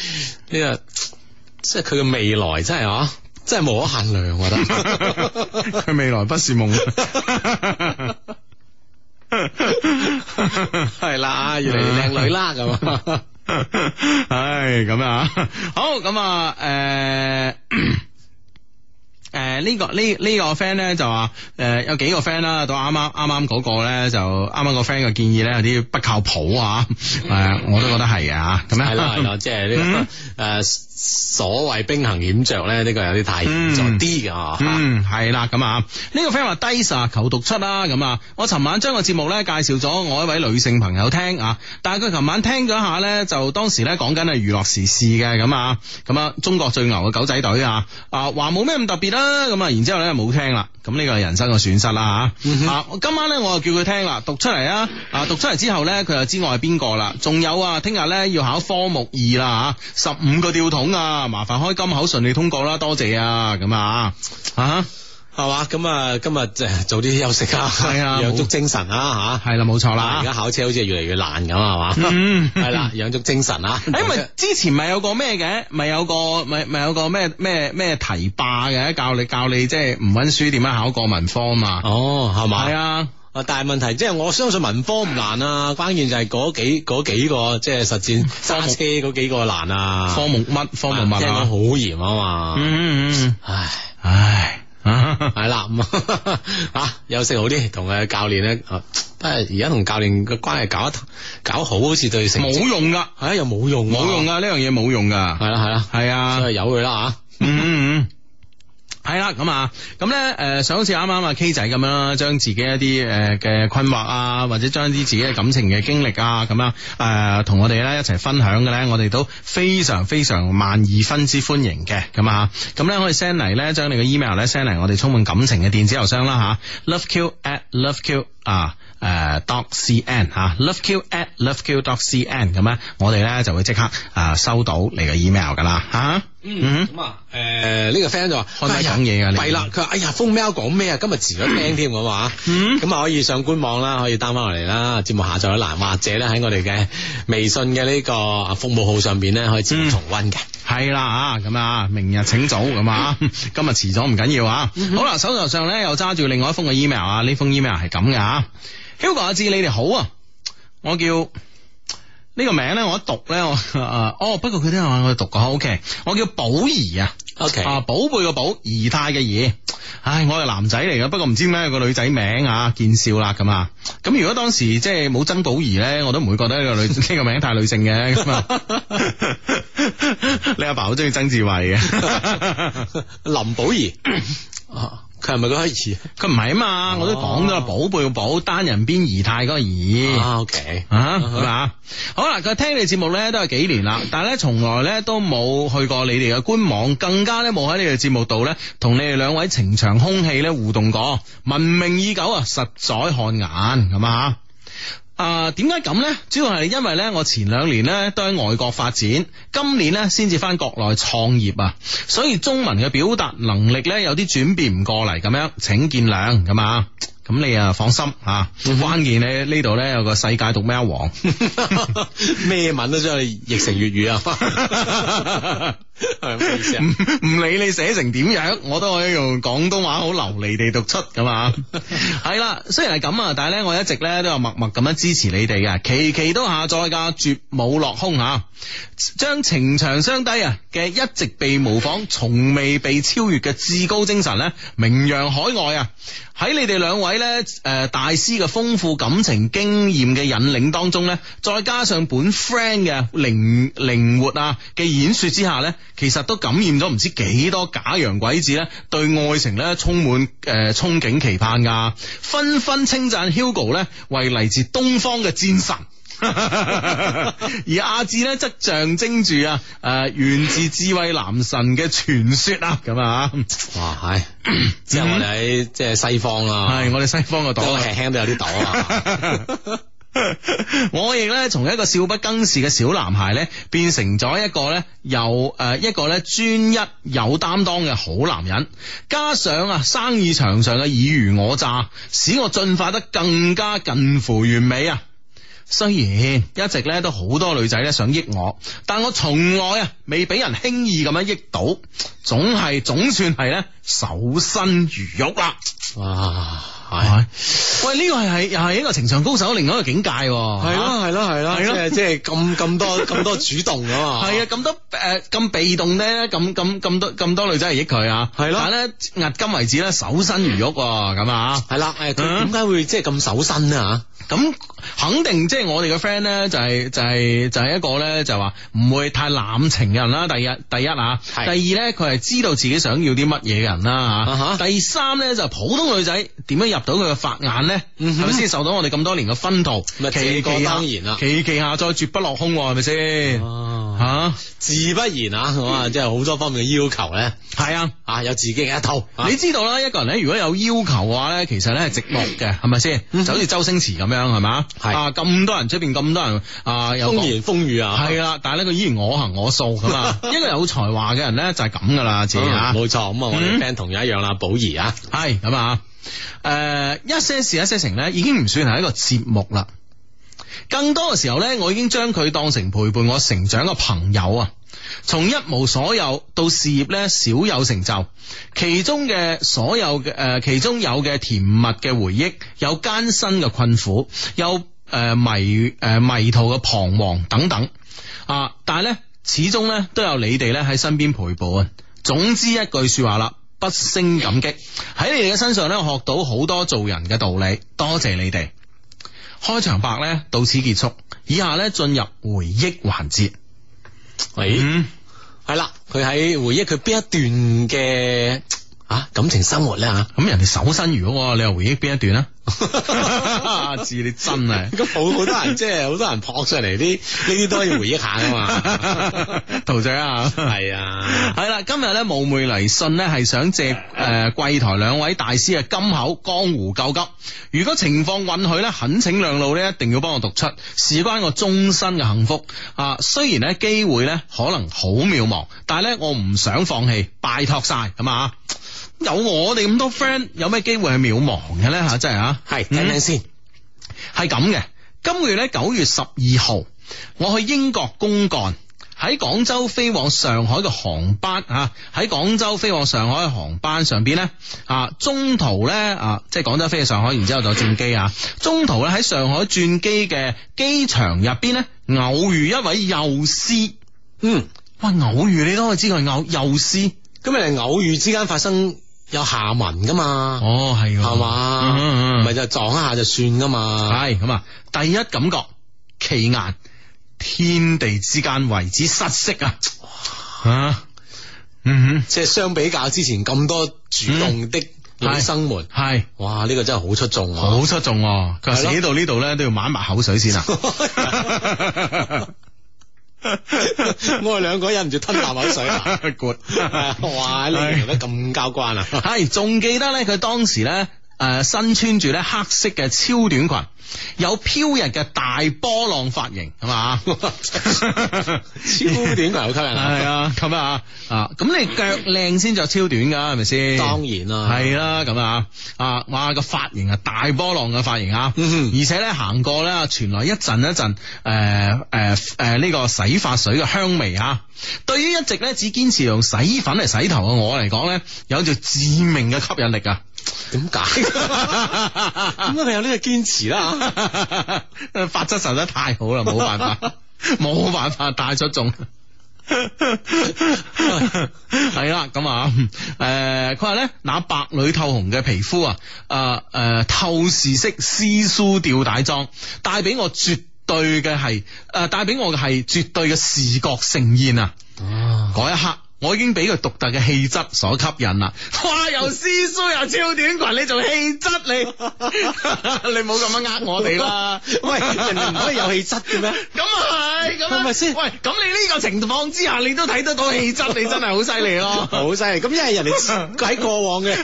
[SPEAKER 1] 呢個，即係佢嘅未來真，真係啊，真係無可限量。我覺得佢未來不是夢、啊。係 啦，越嚟越靚女啦咁。唉， 咁啊，好咁啊，誒、呃。誒，呢、呃這個呢呢、這個 friend 咧就話，誒、呃，有幾個 friend 啦，到啱啱啱啱嗰個咧就啱啱個 friend 嘅建議咧有啲不靠譜啊，誒、 嗯，我都覺得係嘅吓，咁樣。係啦，係啦，即係呢個誒。嗯呃所謂兵行險着咧，呢、這個有啲太嚴重啲嘅嗯，係啦，咁啊，呢、嗯嗯這個 friend 話低沙求讀出啦，咁啊，嗯、我尋晚將個節目咧介紹咗我一位女性朋友聽啊，但係佢尋晚聽咗一下咧，就當時咧講緊係娛樂時事嘅咁啊，咁啊，中國最牛嘅狗仔隊啊,啊，啊，話冇咩咁特別啦，咁啊，然之後咧冇聽啦，咁呢個係人生嘅損失啦啊，今晚咧我就叫佢聽啦，讀出嚟啊，讀出嚟之後咧，佢就知我係邊個啦，仲有啊，聽日咧要考科目二啦，吓、啊，十五個吊桶。啊，麻煩開金口順利通過啦，多謝啊，咁啊，吓係嘛？咁啊，今日即係早啲休息啊，係養、 啊、足精神啊，吓係啦，冇錯啦，而家考車好似越嚟越難咁，係嘛？嗯，係啦，養足精神啊，因為之前咪有個咩嘅，咪有個咪咪有個咩咩咩題霸嘅，教你教你即係唔溫書點樣考過文科嘛，哦，係嘛？係啊。啊！但係問題即係我相信文科唔難啊，關鍵就係嗰幾嗰幾個即係實戰揸車嗰幾個難啊。科目乜科目乜咁好嚴啊嘛。嗯嗯嗯。唉唉，係啦。吓休息好啲，同佢教練咧，不係而家同教練嘅關係搞搞好，好似對成冇用噶，唉又冇用，冇用噶呢樣嘢冇用噶。係啦係啦係啊，再由佢啦吓。係啦，咁啊，咁、呃、咧，誒，上一次啱啱啊 K 仔咁樣，將自己一啲誒嘅困惑啊，或者將啲自己嘅感情嘅經歷啊，咁樣誒、啊，同、呃、我哋咧一齊分享嘅咧，我哋都非常非常萬二分之歡迎嘅，咁啊，咁咧、啊、我哋 send 嚟咧，將你嘅 email 咧 send 嚟我哋充滿感情嘅電子郵箱啦吓，loveq@loveq at 啊，誒，dot cn 吓，loveq@loveq.dot cn 咁咧、啊呃啊啊，我哋咧就會即刻誒、啊、收到你嘅 email 噶啦，吓、啊。嗯咁啊，誒呢個 friend 就話：，開咪講嘢你。係啦。佢話：，哎呀，瘋喵講咩啊？今日遲咗聽添，我話，咁啊可以上官網啦，可以 down 返落嚟啦，節目下載喺欄，或者咧喺我哋嘅微信嘅呢個服務號上邊咧，可以節目重溫嘅。係啦，咁啊，明日請早咁啊，今日遲咗唔緊要啊。好啦，手頭上咧又揸住另外一封嘅 email，啊。呢封 email 係咁嘅吓，Hugo 阿志你哋好，啊。我叫。呢個名咧，我一讀咧，我 哦，不過佢都有話我讀過，O K，我叫寶儀啊，O K，寶貝個寶，儀態嘅儀，唉，我係男仔嚟㗎，不過唔知咩解個女仔名啊，見笑啦咁啊，咁如果當時即係冇曾寶儀咧，我都唔會覺得呢個女呢 個名太女性嘅， 你阿爸好中意曾志偉嘅 林寶儀。 佢係咪佢開始？佢唔係啊嘛，哦、我都講咗啦，寶貝寶單人邊儀態嗰個儀，OK 啊，係嘛？好啦，佢聽你節目咧都係幾年啦，但係咧從來咧都冇去過你哋嘅官網，更加咧冇喺你哋嘅節目度咧同你哋兩位情場空氣咧互動過，聞名已久啊，實在看眼係嘛？啊，點解咁呢？主要係因為呢，我前兩年呢都喺外國發展，今年呢先至翻國內創業啊，所以中文嘅表達能力呢，有啲轉變唔過嚟咁樣，請見諒咁啊，咁你啊放心啊，萬件你呢度呢，有個世界讀喵王咩 文都將你譯成粵語啊。 唔唔理你寫成點樣，我都可以用廣東話好流利地讀出噶嘛。係啦， 雖然係咁啊，但係咧，我一直咧都有默默咁樣支持你哋嘅，期期都下載噶，絕冇落空吓。將、啊、情長相低啊嘅一直被模仿，從未被超越嘅至高精神咧，名揚海外啊！喺你哋兩位咧誒、呃、大師嘅豐富感情經驗嘅引領當中咧，再加上本 friend 嘅靈靈活啊嘅演說之下咧。其實都感染咗唔知幾多假洋鬼子咧，對愛情咧充滿誒、呃、憧憬期盼噶，紛紛稱讚 Hugo 咧為嚟自東方嘅戰神， 而阿志咧則象徵住啊誒源自智慧男神嘅傳說啊咁啊吓， 哇係，即係我哋喺即係西方啦，係、嗯、我哋西方嘅黨都輕輕都有啲黨。 我亦咧從一個少不更事嘅小男孩咧，變成咗一個咧有誒一個咧專一有擔當嘅好男人，加上啊生意場上嘅爾虞我詐，使我進化得更加近乎完美啊！雖然一直咧都好多女仔咧想益我，但我從來啊未俾人輕易咁樣益到，總係總算係咧守身如玉啦啊！係、哎，喂，呢、這個係係又係一個情場高手，另外一個境界，係咯係咯係咯，即係即係咁咁多咁 多主動噶嘛，係啊咁多誒咁被動咧，咁咁咁多咁多女仔嚟益佢啊，係咯的，但係咧押金為止啦，守身如玉咁啊，係啦，佢點解、呃嗯、會即係咁守身啊？咁肯定即係我哋嘅 friend 咧，就係就係就係一個咧，就話唔會太濫情嘅人啦。第一第一啊，第二咧佢係知道自己想要啲乜嘢嘅人啦吓。第三咧就普通女仔點樣入到佢嘅法眼咧，係咪先受到我哋咁多年嘅熏陶？奇奇當然啦，奇奇下再絕不落空係咪先？吓自不然啊，咁啊即係好多方面嘅要求咧。係啊啊有自己嘅一套。你知道啦，一個人咧如果有要求嘅話咧，其實咧係寂寞嘅係咪先？就好似周星馳咁樣。係嘛，係咁是、啊、多人出邊咁多人、啊、有風言風語啊，係啦、啊，但係咧佢依然我行我素咁啊， 一個有才華嘅人咧就係咁噶啦，知啊，冇錯咁啊，我哋聽同樣一樣啦，寶儀啊，係咁啊，誒，一些事一些情咧，已經唔算係一個節目啦，更多嘅時候咧，我已經將佢當成陪伴我成長嘅朋友啊。從一無所有到事業咧少有成就，其中嘅所有嘅誒、呃，其中有嘅甜蜜嘅回憶，有艱辛嘅困苦，有誒、呃、迷誒、呃、迷途嘅彷徨、徨等等啊！但係咧，始終咧都有你哋咧喺身邊陪伴。總之一句說話啦，不勝感激。喺你哋嘅身上咧，我學到好多做人嘅道理。多謝你哋。開場白咧，到此結束，以下咧進入回憶環節。喂，係啦、哎，佢喺、嗯、回憶佢邊一段嘅啊感情生活咧吓，咁人哋守身如玉，你又回憶邊一段咧？阿志， 你真 啊！咁好，好多人即係好多人撲上嚟，啲呢啲都要回憶下噶嘛，陶仔係啊，係啦， 今日咧冒昧嚟信呢，係想借誒貴、呃、台兩位大師嘅金口，江湖救急。如果情況允許咧，懇請兩老咧一定要幫我讀出，事關我終身嘅幸福。啊，雖然咧機會咧可能好渺茫，但係咧我唔想放棄，拜託晒咁啊！有我哋咁多 friend，有咩機會係渺茫嘅咧？吓、啊，真係吓，係聽聽先，係咁嘅。今個月咧九月十二號，我去英國公幹，喺廣州飛往上海嘅航班吓，喺、啊、廣州飛往上海嘅航班上邊咧，啊，中途咧啊，即係廣州飛去上海，然之後就轉機啊，中途咧喺上海轉機嘅機場入邊咧，偶遇一位幼師，嗯，哇，偶遇你都可以知佢係偶幼師，咁日偶遇之間發生。有下文噶嘛？哦，係，係嘛吧，唔係、嗯嗯、就撞一下就算噶嘛。係咁、嗯，第一感覺驚艷，天地之間為之失色啊！吓、啊？嗯哼，即係相比較之前咁多主動的女、嗯嗯、生們，係，哇，呢、這個真係、啊、好出眾、啊，好出眾，佢話寫到呢度咧都要抹一抹口水先啊！ 我哋兩個忍唔住吞啖口水啊，o 哇，你形容得咁交關啊，係， 仲記得咧，佢當時咧。誒、呃，身穿住咧黑色嘅超短裙，有飄逸嘅大波浪髮型，係嘛？ 超短裙好吸引啊！係、嗯、啊，咁啊啊，咁、啊、你腳靚先就超短噶，係咪先？當然啦、啊，係啦、啊，咁啊啊，哇，個髮，髮型啊，大波浪嘅髮型，嗯而且咧行過咧，傳來一陣一陣誒誒誒，呢、呃呃呃呢個洗髮水嘅香味啊！對於一直咧只堅持用洗衣粉嚟洗頭嘅我嚟講咧，有住致命嘅吸引力啊！點解？點解你有呢個堅持啦！ 法則實在太好啦，冇辦法，冇辦法帶咗中。係 啦，哎，咁誒，佢話咧，那白裏透紅嘅皮膚啊，誒、啊、誒，透視式絲蘇吊帶裝，帶俾我絕對嘅係，誒，帶俾我嘅係絕對嘅視覺盛宴啊！嗰一刻。我已經俾佢獨特嘅氣質所吸引啦！哇，又絲蘇又超短裙，你做氣質你？你冇咁樣呃我哋啦！喂，人哋唔可以有氣質嘅咩？咁啊係，咁係咪先。喂，咁你呢個情況之下，你都睇得到氣質，你真係好犀利咯！好犀利！咁因為人哋喺過往嘅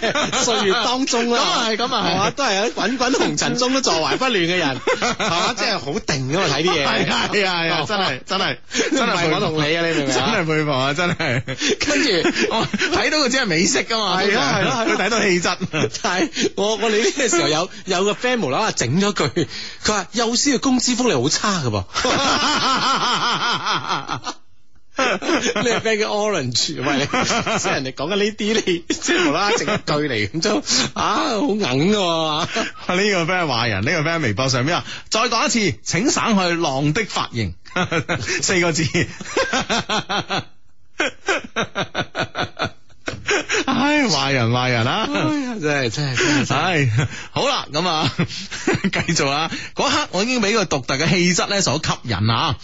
[SPEAKER 1] 歲月當中啦，咁啊係，咁啊係，都係喺滾滾紅塵中都坐懷不亂嘅人，係嘛，即係好定咁嚟睇啲嘢，係啊係啊，真係真係，唔係我同你嘅，你哋。真係佩服啊，真係。.跟住我睇到佢只係美式噶嘛，係咯係咯，睇吧吧到氣質。 但係我我嚟呢個時候有有個 family 啦，整咗句，佢話幼師嘅工資福利好差噶噃。呢個 friend 叫 Orange， 喂，即係人哋講緊呢啲，你即係無啦啦整句嚟咁就啊，好硬㗎、啊、嘛。呢、 啊這個 friend 話人，呢、這個 friend 微博上邊啊，再講一次，請省去浪的髮型， 四個字。 唉，壞人壞人啊！ 真係真係真係， 唉，好啦，咁啊，繼 續啊！嗰刻我已經俾個獨特嘅氣質咧所吸引啊！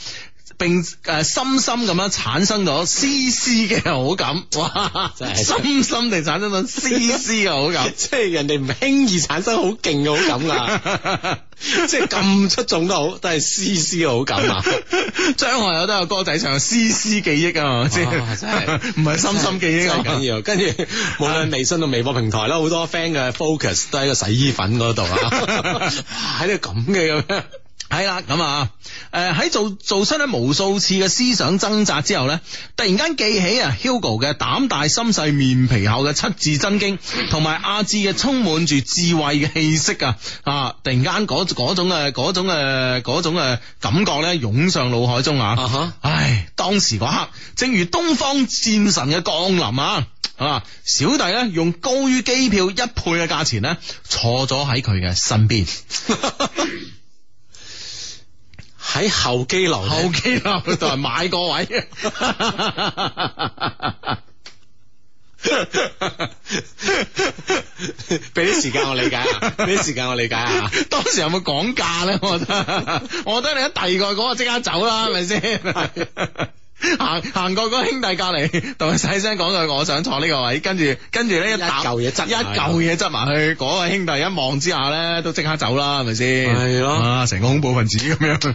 [SPEAKER 1] 並誒，深深咁樣產生咗絲絲嘅好感，哇！真係深深地產生咗絲絲嘅好感， 即係人哋唔輕易產生好勁嘅好感噶， 即係咁出眾都好，都係絲絲嘅好感。張 學友都有歌仔唱，絲絲記憶啊嘛，即係真係唔係深深記憶咁緊要。跟住無論微信同微博平台啦，好多 friend 嘅 focus 都喺個洗衣粉嗰度啊，喺啲咁嘅咁樣。係啦，咁啊，誒、呃，喺做做出咗無數次嘅思想掙扎之後呢，突然間記起啊，Hugo 嘅膽大心細、面皮厚嘅七字真經，同埋阿志嘅充滿住智慧嘅氣息啊，啊，突然間嗰嗰種誒，嗰種誒，嗰種誒感覺呢，湧上腦海中啊，uh huh. 唉，當時嗰刻，正如東方戰神嘅降臨啊，啊，小弟呢，用高於機票一倍嘅價錢呢，坐咗喺佢嘅身邊。 喺候機樓，候機樓度買個位，俾 啲 時間我理解下，俾啲時間我理解下。 當時有冇講價咧？我覺得， 我覺得你一第二個我即刻走啦，係咪先？行行過嗰兄弟隔籬，同佢細聲講句，我想坐呢個位。跟住跟住咧，一舊嘢執一舊嘢執埋去。嗰個的兄弟一望之下咧，都即刻走啦，係咪先？係咯的，成、啊、個恐怖分子咁樣。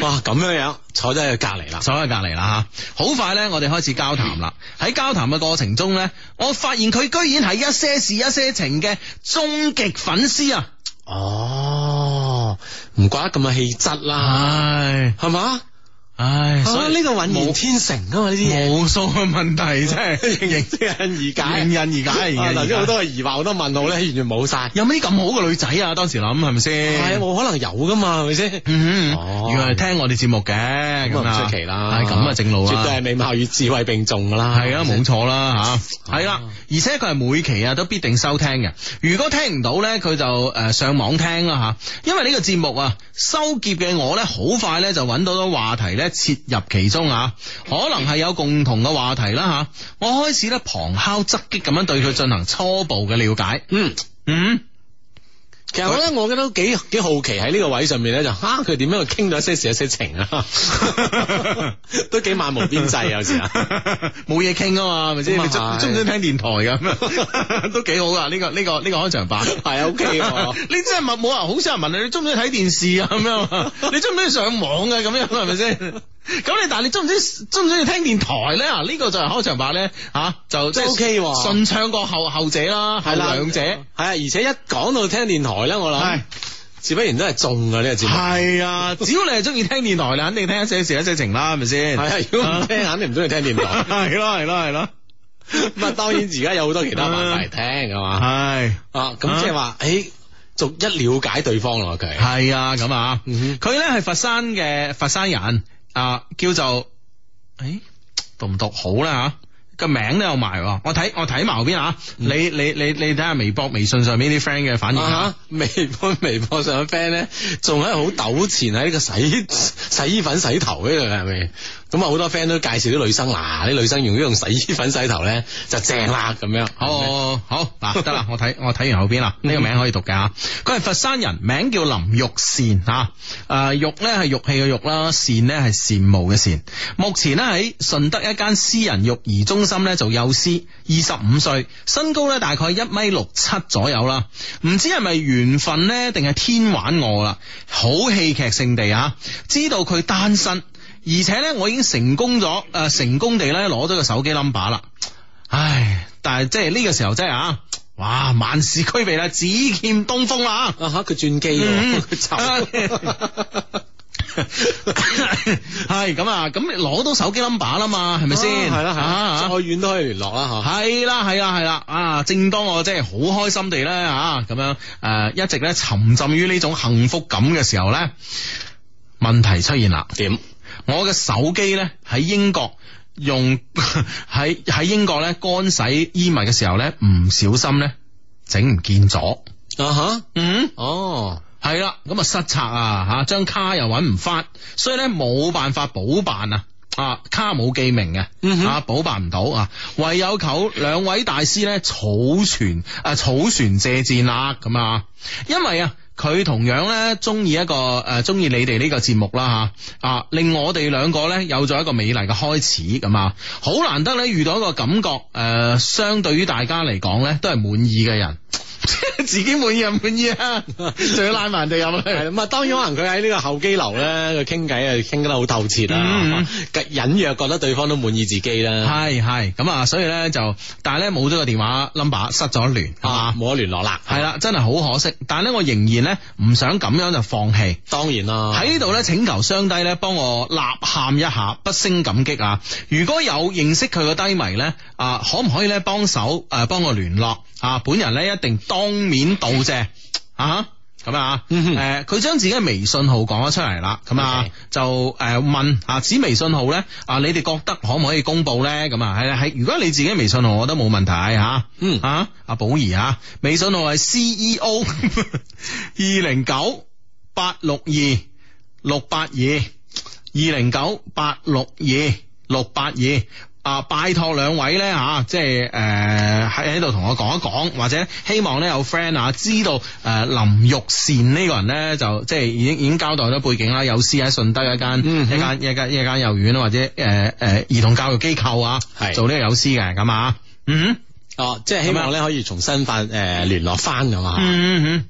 [SPEAKER 1] 哇，咁樣樣坐咗喺佢隔籬啦，坐喺隔籬啦吓。好快咧，我哋開始交談啦。喺、嗯、交談嘅過程中咧，我發現佢居然係一些事一些情嘅終極粉絲啊！哦，唔怪得咁嘅氣質啦，係嘛的？唉，所以呢個渾然天成噶嘛？呢啲無數嘅問題真係迎刃而解，迎刃而解。而家好多疑惑，問都問我咧，完全冇晒。有咩啲咁好嘅女仔啊？當時諗，係咪先？係冇可能有噶嘛？係咪先？嗯，原來聽我哋節目嘅咁啊，出奇啦。係咁啊，正路啦，絕對係美貌與智慧並重噶啦。係啊，冇錯啦，吓。係啦，而且佢係每期啊都必定收聽嘅。如果聽唔到咧，佢就誒上網聽啦吓。因為呢個節目啊，收結嘅我咧，好快咧就揾到咗話題咧。切入其中啊，可能係有共同嘅話題啦吓，我開始咧旁敲側擊咁樣對佢進行初步嘅了解，嗯嗯。嗯其實我咧，我咧都幾幾好奇喺呢個位上面咧，就吓佢點樣去傾到一些事、一些情啊， 都幾漫無邊際有時，冇嘢傾啊嘛，係咪先？你中唔麼中意麼聽電台咁啊？麼 都幾好噶，呢、這個呢、這個呢、這個開場白係啊 OK。 你真係問冇人好少人問你，你中唔中意睇電視啊？咁樣，你中唔中意上網啊？咁樣係咪先？ 咁你但係你中唔中中唔中意聽電台咧？啊，呢個就係開場白咧，吓就即係 OK，順暢過後後者啦，係啦，兩者係，而且一講到聽電台咧，我諗自不然都係中噶呢個字，係啊，只要你係中意聽電台，你肯定聽一些事一些情啦，係咪先？係，如果唔聽，肯定唔中意聽電台，係咯，係咯，係咯。咁啊，當然而家有好多其他辦法嚟聽噶嘛。係啊，咁即係話，誒，逐一了解對方咯，佢係啊，咁，啊，佢咧係佛山嘅佛山人。啊，uh, 叫做，誒，讀唔讀好啦？吓？個名都有埋，我睇我睇埋邊吓，你你你你睇下微博微信上面啲 friend 嘅反應吓、啊看，微博微博上嘅 friend 咧，仲喺度好糾纏喺呢個洗洗衣粉洗頭呢度係咪？是咁好多 friend 都介紹啲女生，嗱、啊、啲女生用果用洗衣粉洗頭呢，就正啦咁樣。好，好嗱得啦，我睇我睇完後邊啦。呢 個名可以讀嘅吓，佢係佛山人，名叫林玉善吓。誒、啊、玉呢係玉器嘅玉啦，善呢係善慕嘅善。目前呢喺順德一間私人育兒中心呢，做幼師，二十五歲，身高呢大概一米六七左右啦。唔知係咪緣分呢？定係天玩我啦？好戲劇性地啊，知道佢單身。而且咧，我已經成功咗，誒、呃，成功地咧攞咗個手機 number 啦。唉，但係即係呢個時候真係啊，哇，萬事俱備啦，只欠東風啦。啊哈，佢轉機，佢走，嗯。係咁啊，咁攞到手機 number 啦嘛，係咪先？係啦、啊，係啦，啊、再遠都可以聯絡啦。吓，係啦，係啦，係啦。啊，正當我真係好開心地咧啊，咁樣誒、啊，一直咧沉浸於呢種幸福感嘅時候咧，問題出現啦。點？我嘅手機咧喺英國用喺，喺 英國咧乾洗衣物嘅時候咧唔小心咧整唔見咗，啊哈，嗯，哦，係啦。咁啊失策啊，吓，張卡又揾唔翻，所以咧冇辦法補辦啊，卡冇記名嘅、uh huh. 啊補辦唔到啊，唯有求兩位大師咧草船啊，草船借箭，啊咁啊因為啊佢同樣咧中意一個誒，中意你哋呢個節目啦吓啊令我哋兩個咧有咗一個美麗嘅開始咁啊好難得咧遇到一個感覺誒、呃，相對於大家嚟講咧都係滿意嘅人。 自己滿意唔滿意啊？仲要拉埋人哋咁啊！當然可能佢喺呢個候機樓咧，佢傾偈啊，傾得好透徹啊，咁隱、嗯、約覺得對方都滿意自己啦。係係咁啊，所以咧就，但係咧冇咗個電話 number，失咗聯啊，冇咗聯絡啦。係啦吧，真係好可惜。但係咧，我仍然咧唔想咁樣就放棄。當然啦，喺呢度咧請求雙低咧幫我吶喊一下，不勝感激啊！如果有認識佢嘅低迷咧啊，可唔可以咧幫手誒幫我聯絡？啊！本人咧一定當面道謝啊！咁啊，誒，佢 將、啊、自己嘅微信號講咗出嚟啦，咁啊， 啊就誒問啊，指微信號咧，啊，你哋覺得可唔可以公布咧？咁啊係係，如果你自己微信號，我覺得冇問題吓，嗯啊，阿寶儀 啊，啊，微信號係 C E O 二零九八六二六八二二零九八六二六八二。啊，拜託兩位咧吓，即係誒喺喺度同我講一講，或者希望咧有 friend 啊知道誒林玉善呢個人咧就即係已經已經交代咗背景啦，幼師，喺順德一間、嗯、一間一間一間幼兒園或者誒誒、呃嗯、兒童教育機構啊，係做呢個幼師嘅咁啊，嗯，哦，即係希望咧可以重新發誒聯絡翻咁啊。嗯。嗯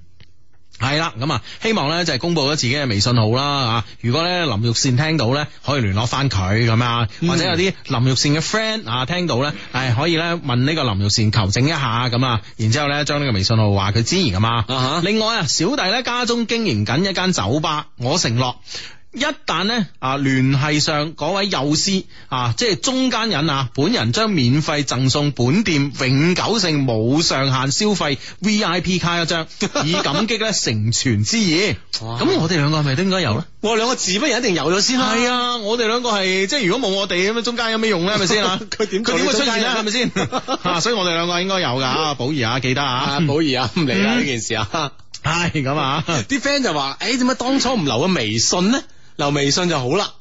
[SPEAKER 1] 係啦，咁啊，希望咧就係公布咗自己嘅微信號啦，啊，如果咧林玉善聽到咧，可以聯絡翻佢咁啊，嗯、或者有啲林玉善嘅 friend 啊聽到咧，誒，可以咧問呢個林玉善求證一下咁啊，然之後咧將呢個微信號話佢知而㗎嘛，啊、哈另外啊，小弟咧家中經營緊一間酒吧，我承諾。一旦呢，啊，聯繫上嗰位幼師啊，即係中間人啊，本人將免費贈送本店永久性冇上限消費 V I P 卡一張，以感激咧成全之義。咁我哋兩個係咪都應該有咧？我兩個字乜人一定有咗先啦。係啊，我哋兩個係即係如果冇我哋咁樣中間有咩用咧？係咪先？佢點佢點會出現咧？係咪先？所以我哋兩個應該有噶。寶儀啊，記得啊，寶儀啊，唔嚟，啦呢件事。啊。係咁啊，啲 friend 就話誒，點解當初唔留個微信呢？」留微信就好啦。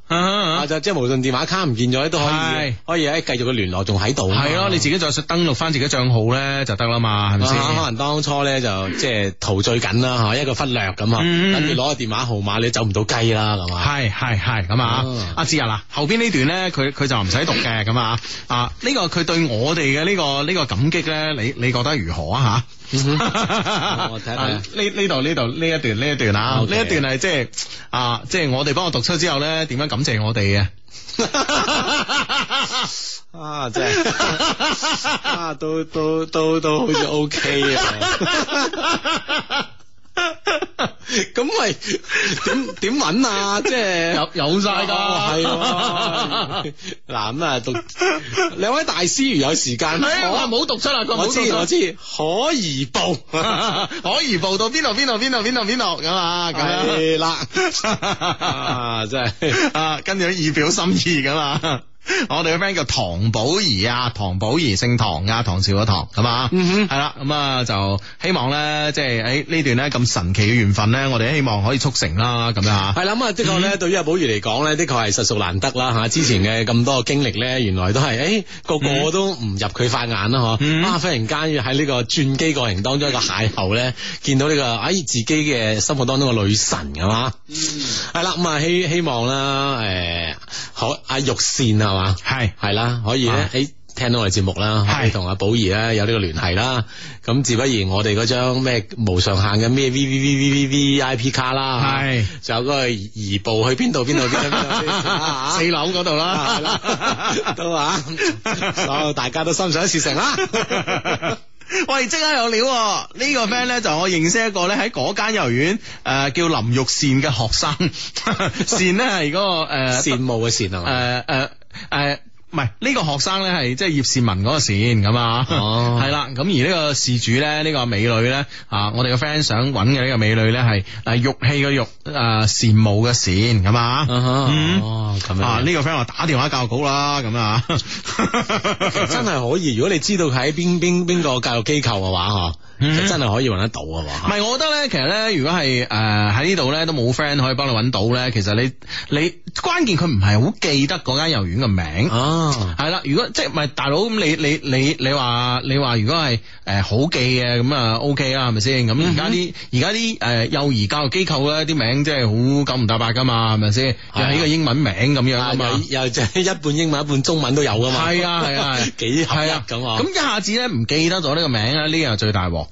[SPEAKER 1] 就即係無論電話卡唔見咗，都可以可以喺繼續嘅聯絡，仲喺度。係咯，你自己再登錄翻自己賬號咧就得啦嘛，係咪先？可能當初咧就即係陶醉緊啦，吓，一個忽略咁，跟住攞個電話號碼你走唔到雞啦，係嘛？係係係咁啊！阿志啊嗱，後邊呢段咧，佢佢就唔使讀嘅咁啊。啊，呢個佢對我哋嘅呢個呢個感激咧，你你覺得如何啊？吓？我睇下。呢呢度呢度呢一段呢一段啊，呢一段係即係啊，即係我哋幫我讀出之後咧，點樣感？謝我哋啊啊，真係，啊，都都都都好似 OK 啊。 咁咪，點點揾啊？即係 有有晒噶，係嗱咁啊，讀 兩位大師如有時間， 我啊，冇讀出嚟。 我知我知， 可移疑步， 可移步到邊度？邊度？邊度？邊度？邊度咁啊？係真啦，真係啊，跟住以表心意咁嘛！我哋嘅 friend 叫唐寶儀啊，唐寶儀姓唐啊，唐少嘅唐，係嘛？嗯哼，係啦，咁啊就希望咧，即係喺呢段咧咁神奇嘅緣分咧，我哋希望可以促成啦，咁樣吓。係啦，的確咧，對於阿寶儀嚟講咧，的確係實屬難得啦吓。之前嘅咁多經歷咧，原來都係誒個個都唔入佢法眼啦嗬，啊忽然間喺呢個轉機過程當中一個邂逅咧，見到呢個喺自己嘅心目當中個女神係嘛？嗯，係啦，咁希希望啦，誒，好阿玉善啊。係嘛？係啦，吧吧可以咧、啊、聽到我哋節目啦，吧可以同阿寶儀咧有呢個聯繫啦。咁吧自不然我哋嗰張咩無上限嘅咩 V V V V V V, v I P 卡啦，係就嗰個移步去邊度邊度邊度四樓嗰度啦，都啊，所以大家都心想事成啦、啊。 喂，即刻有料、哦！這個、呢個 friend 咧就係、我認識一個咧喺嗰間幼兒園誒，叫林玉善嘅學生， 善咧係嗰個誒，羨、呃、慕嘅善啊嘛！誒誒誒。唔係呢個學生咧係即係葉善文嗰個善咁啊，哦，係啦，咁而呢個事主咧呢、呢個美女咧啊，我哋個 friend 想揾嘅呢個美女咧係啊玉器嘅玉啊羨慕嘅善咁啊，呃啊嗯、哦咁啊呢、呢個 friend 話打電話教育局啦咁啊， 真係可以，如果你知道喺邊邊邊個教育機構嘅話呵。真係可以揾得到啊嘛？唔係，我覺得咧，其實咧，如果係誒喺呢度咧都冇 friend 可以幫你揾到咧，其實你你關鍵佢唔係好記得嗰間幼兒園嘅名哦，係啦，如果即係唔係大佬咁，你你你你話你話如果係誒好記嘅咁啊 OK 啦，係咪先？咁而家啲而家啲誒幼兒教育機構咧啲名即係好九唔搭八噶嘛，係咪先？又係呢個英文名咁樣咁啊，又就一半英文一半中文都有噶嘛，係啊係啊幾係啊咁啊。咁一下子咧唔記得咗呢個名啊呢個最大鑊！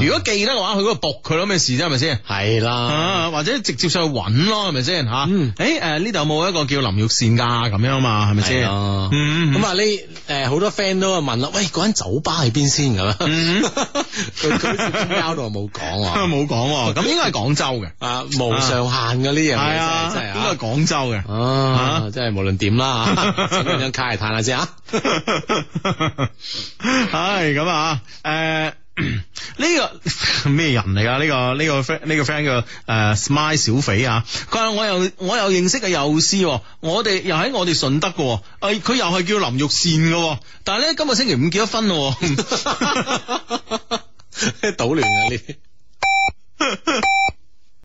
[SPEAKER 1] 如果記得嘅話，去嗰度駁佢咯，咩事啫，係咪先？係啦的、啊，或者直接上去搵咯，係咪先？吓、嗯欸，誒、呃，誒，呢度有冇一個叫林玉善噶咁樣嘛？係咪先？咁啊，呢，誒，好、呃、多 friend 都問啦，喂，嗰間酒吧喺邊先咁啊？佢佢喺社交度冇講，冇講，咁應該係廣州嘅，啊，無上限嘅呢樣嘢，真係的，應該係廣州嘅，啊，真係無論點啦，整張卡嚟嘆下先，係咁啊，誒、啊。 呢、嗯，這個咩人嚟，這個這個這個呃、啊？呢個呢個呢個 friend 嘅誒，smile 小肥啊，佢話我又我又認識嘅幼師，哦，我哋又喺我哋順德噶、哦，誒、哎，佢又係叫林玉善噶、哦，但係咧今日星期五結咗婚咯，搗亂 啊呢！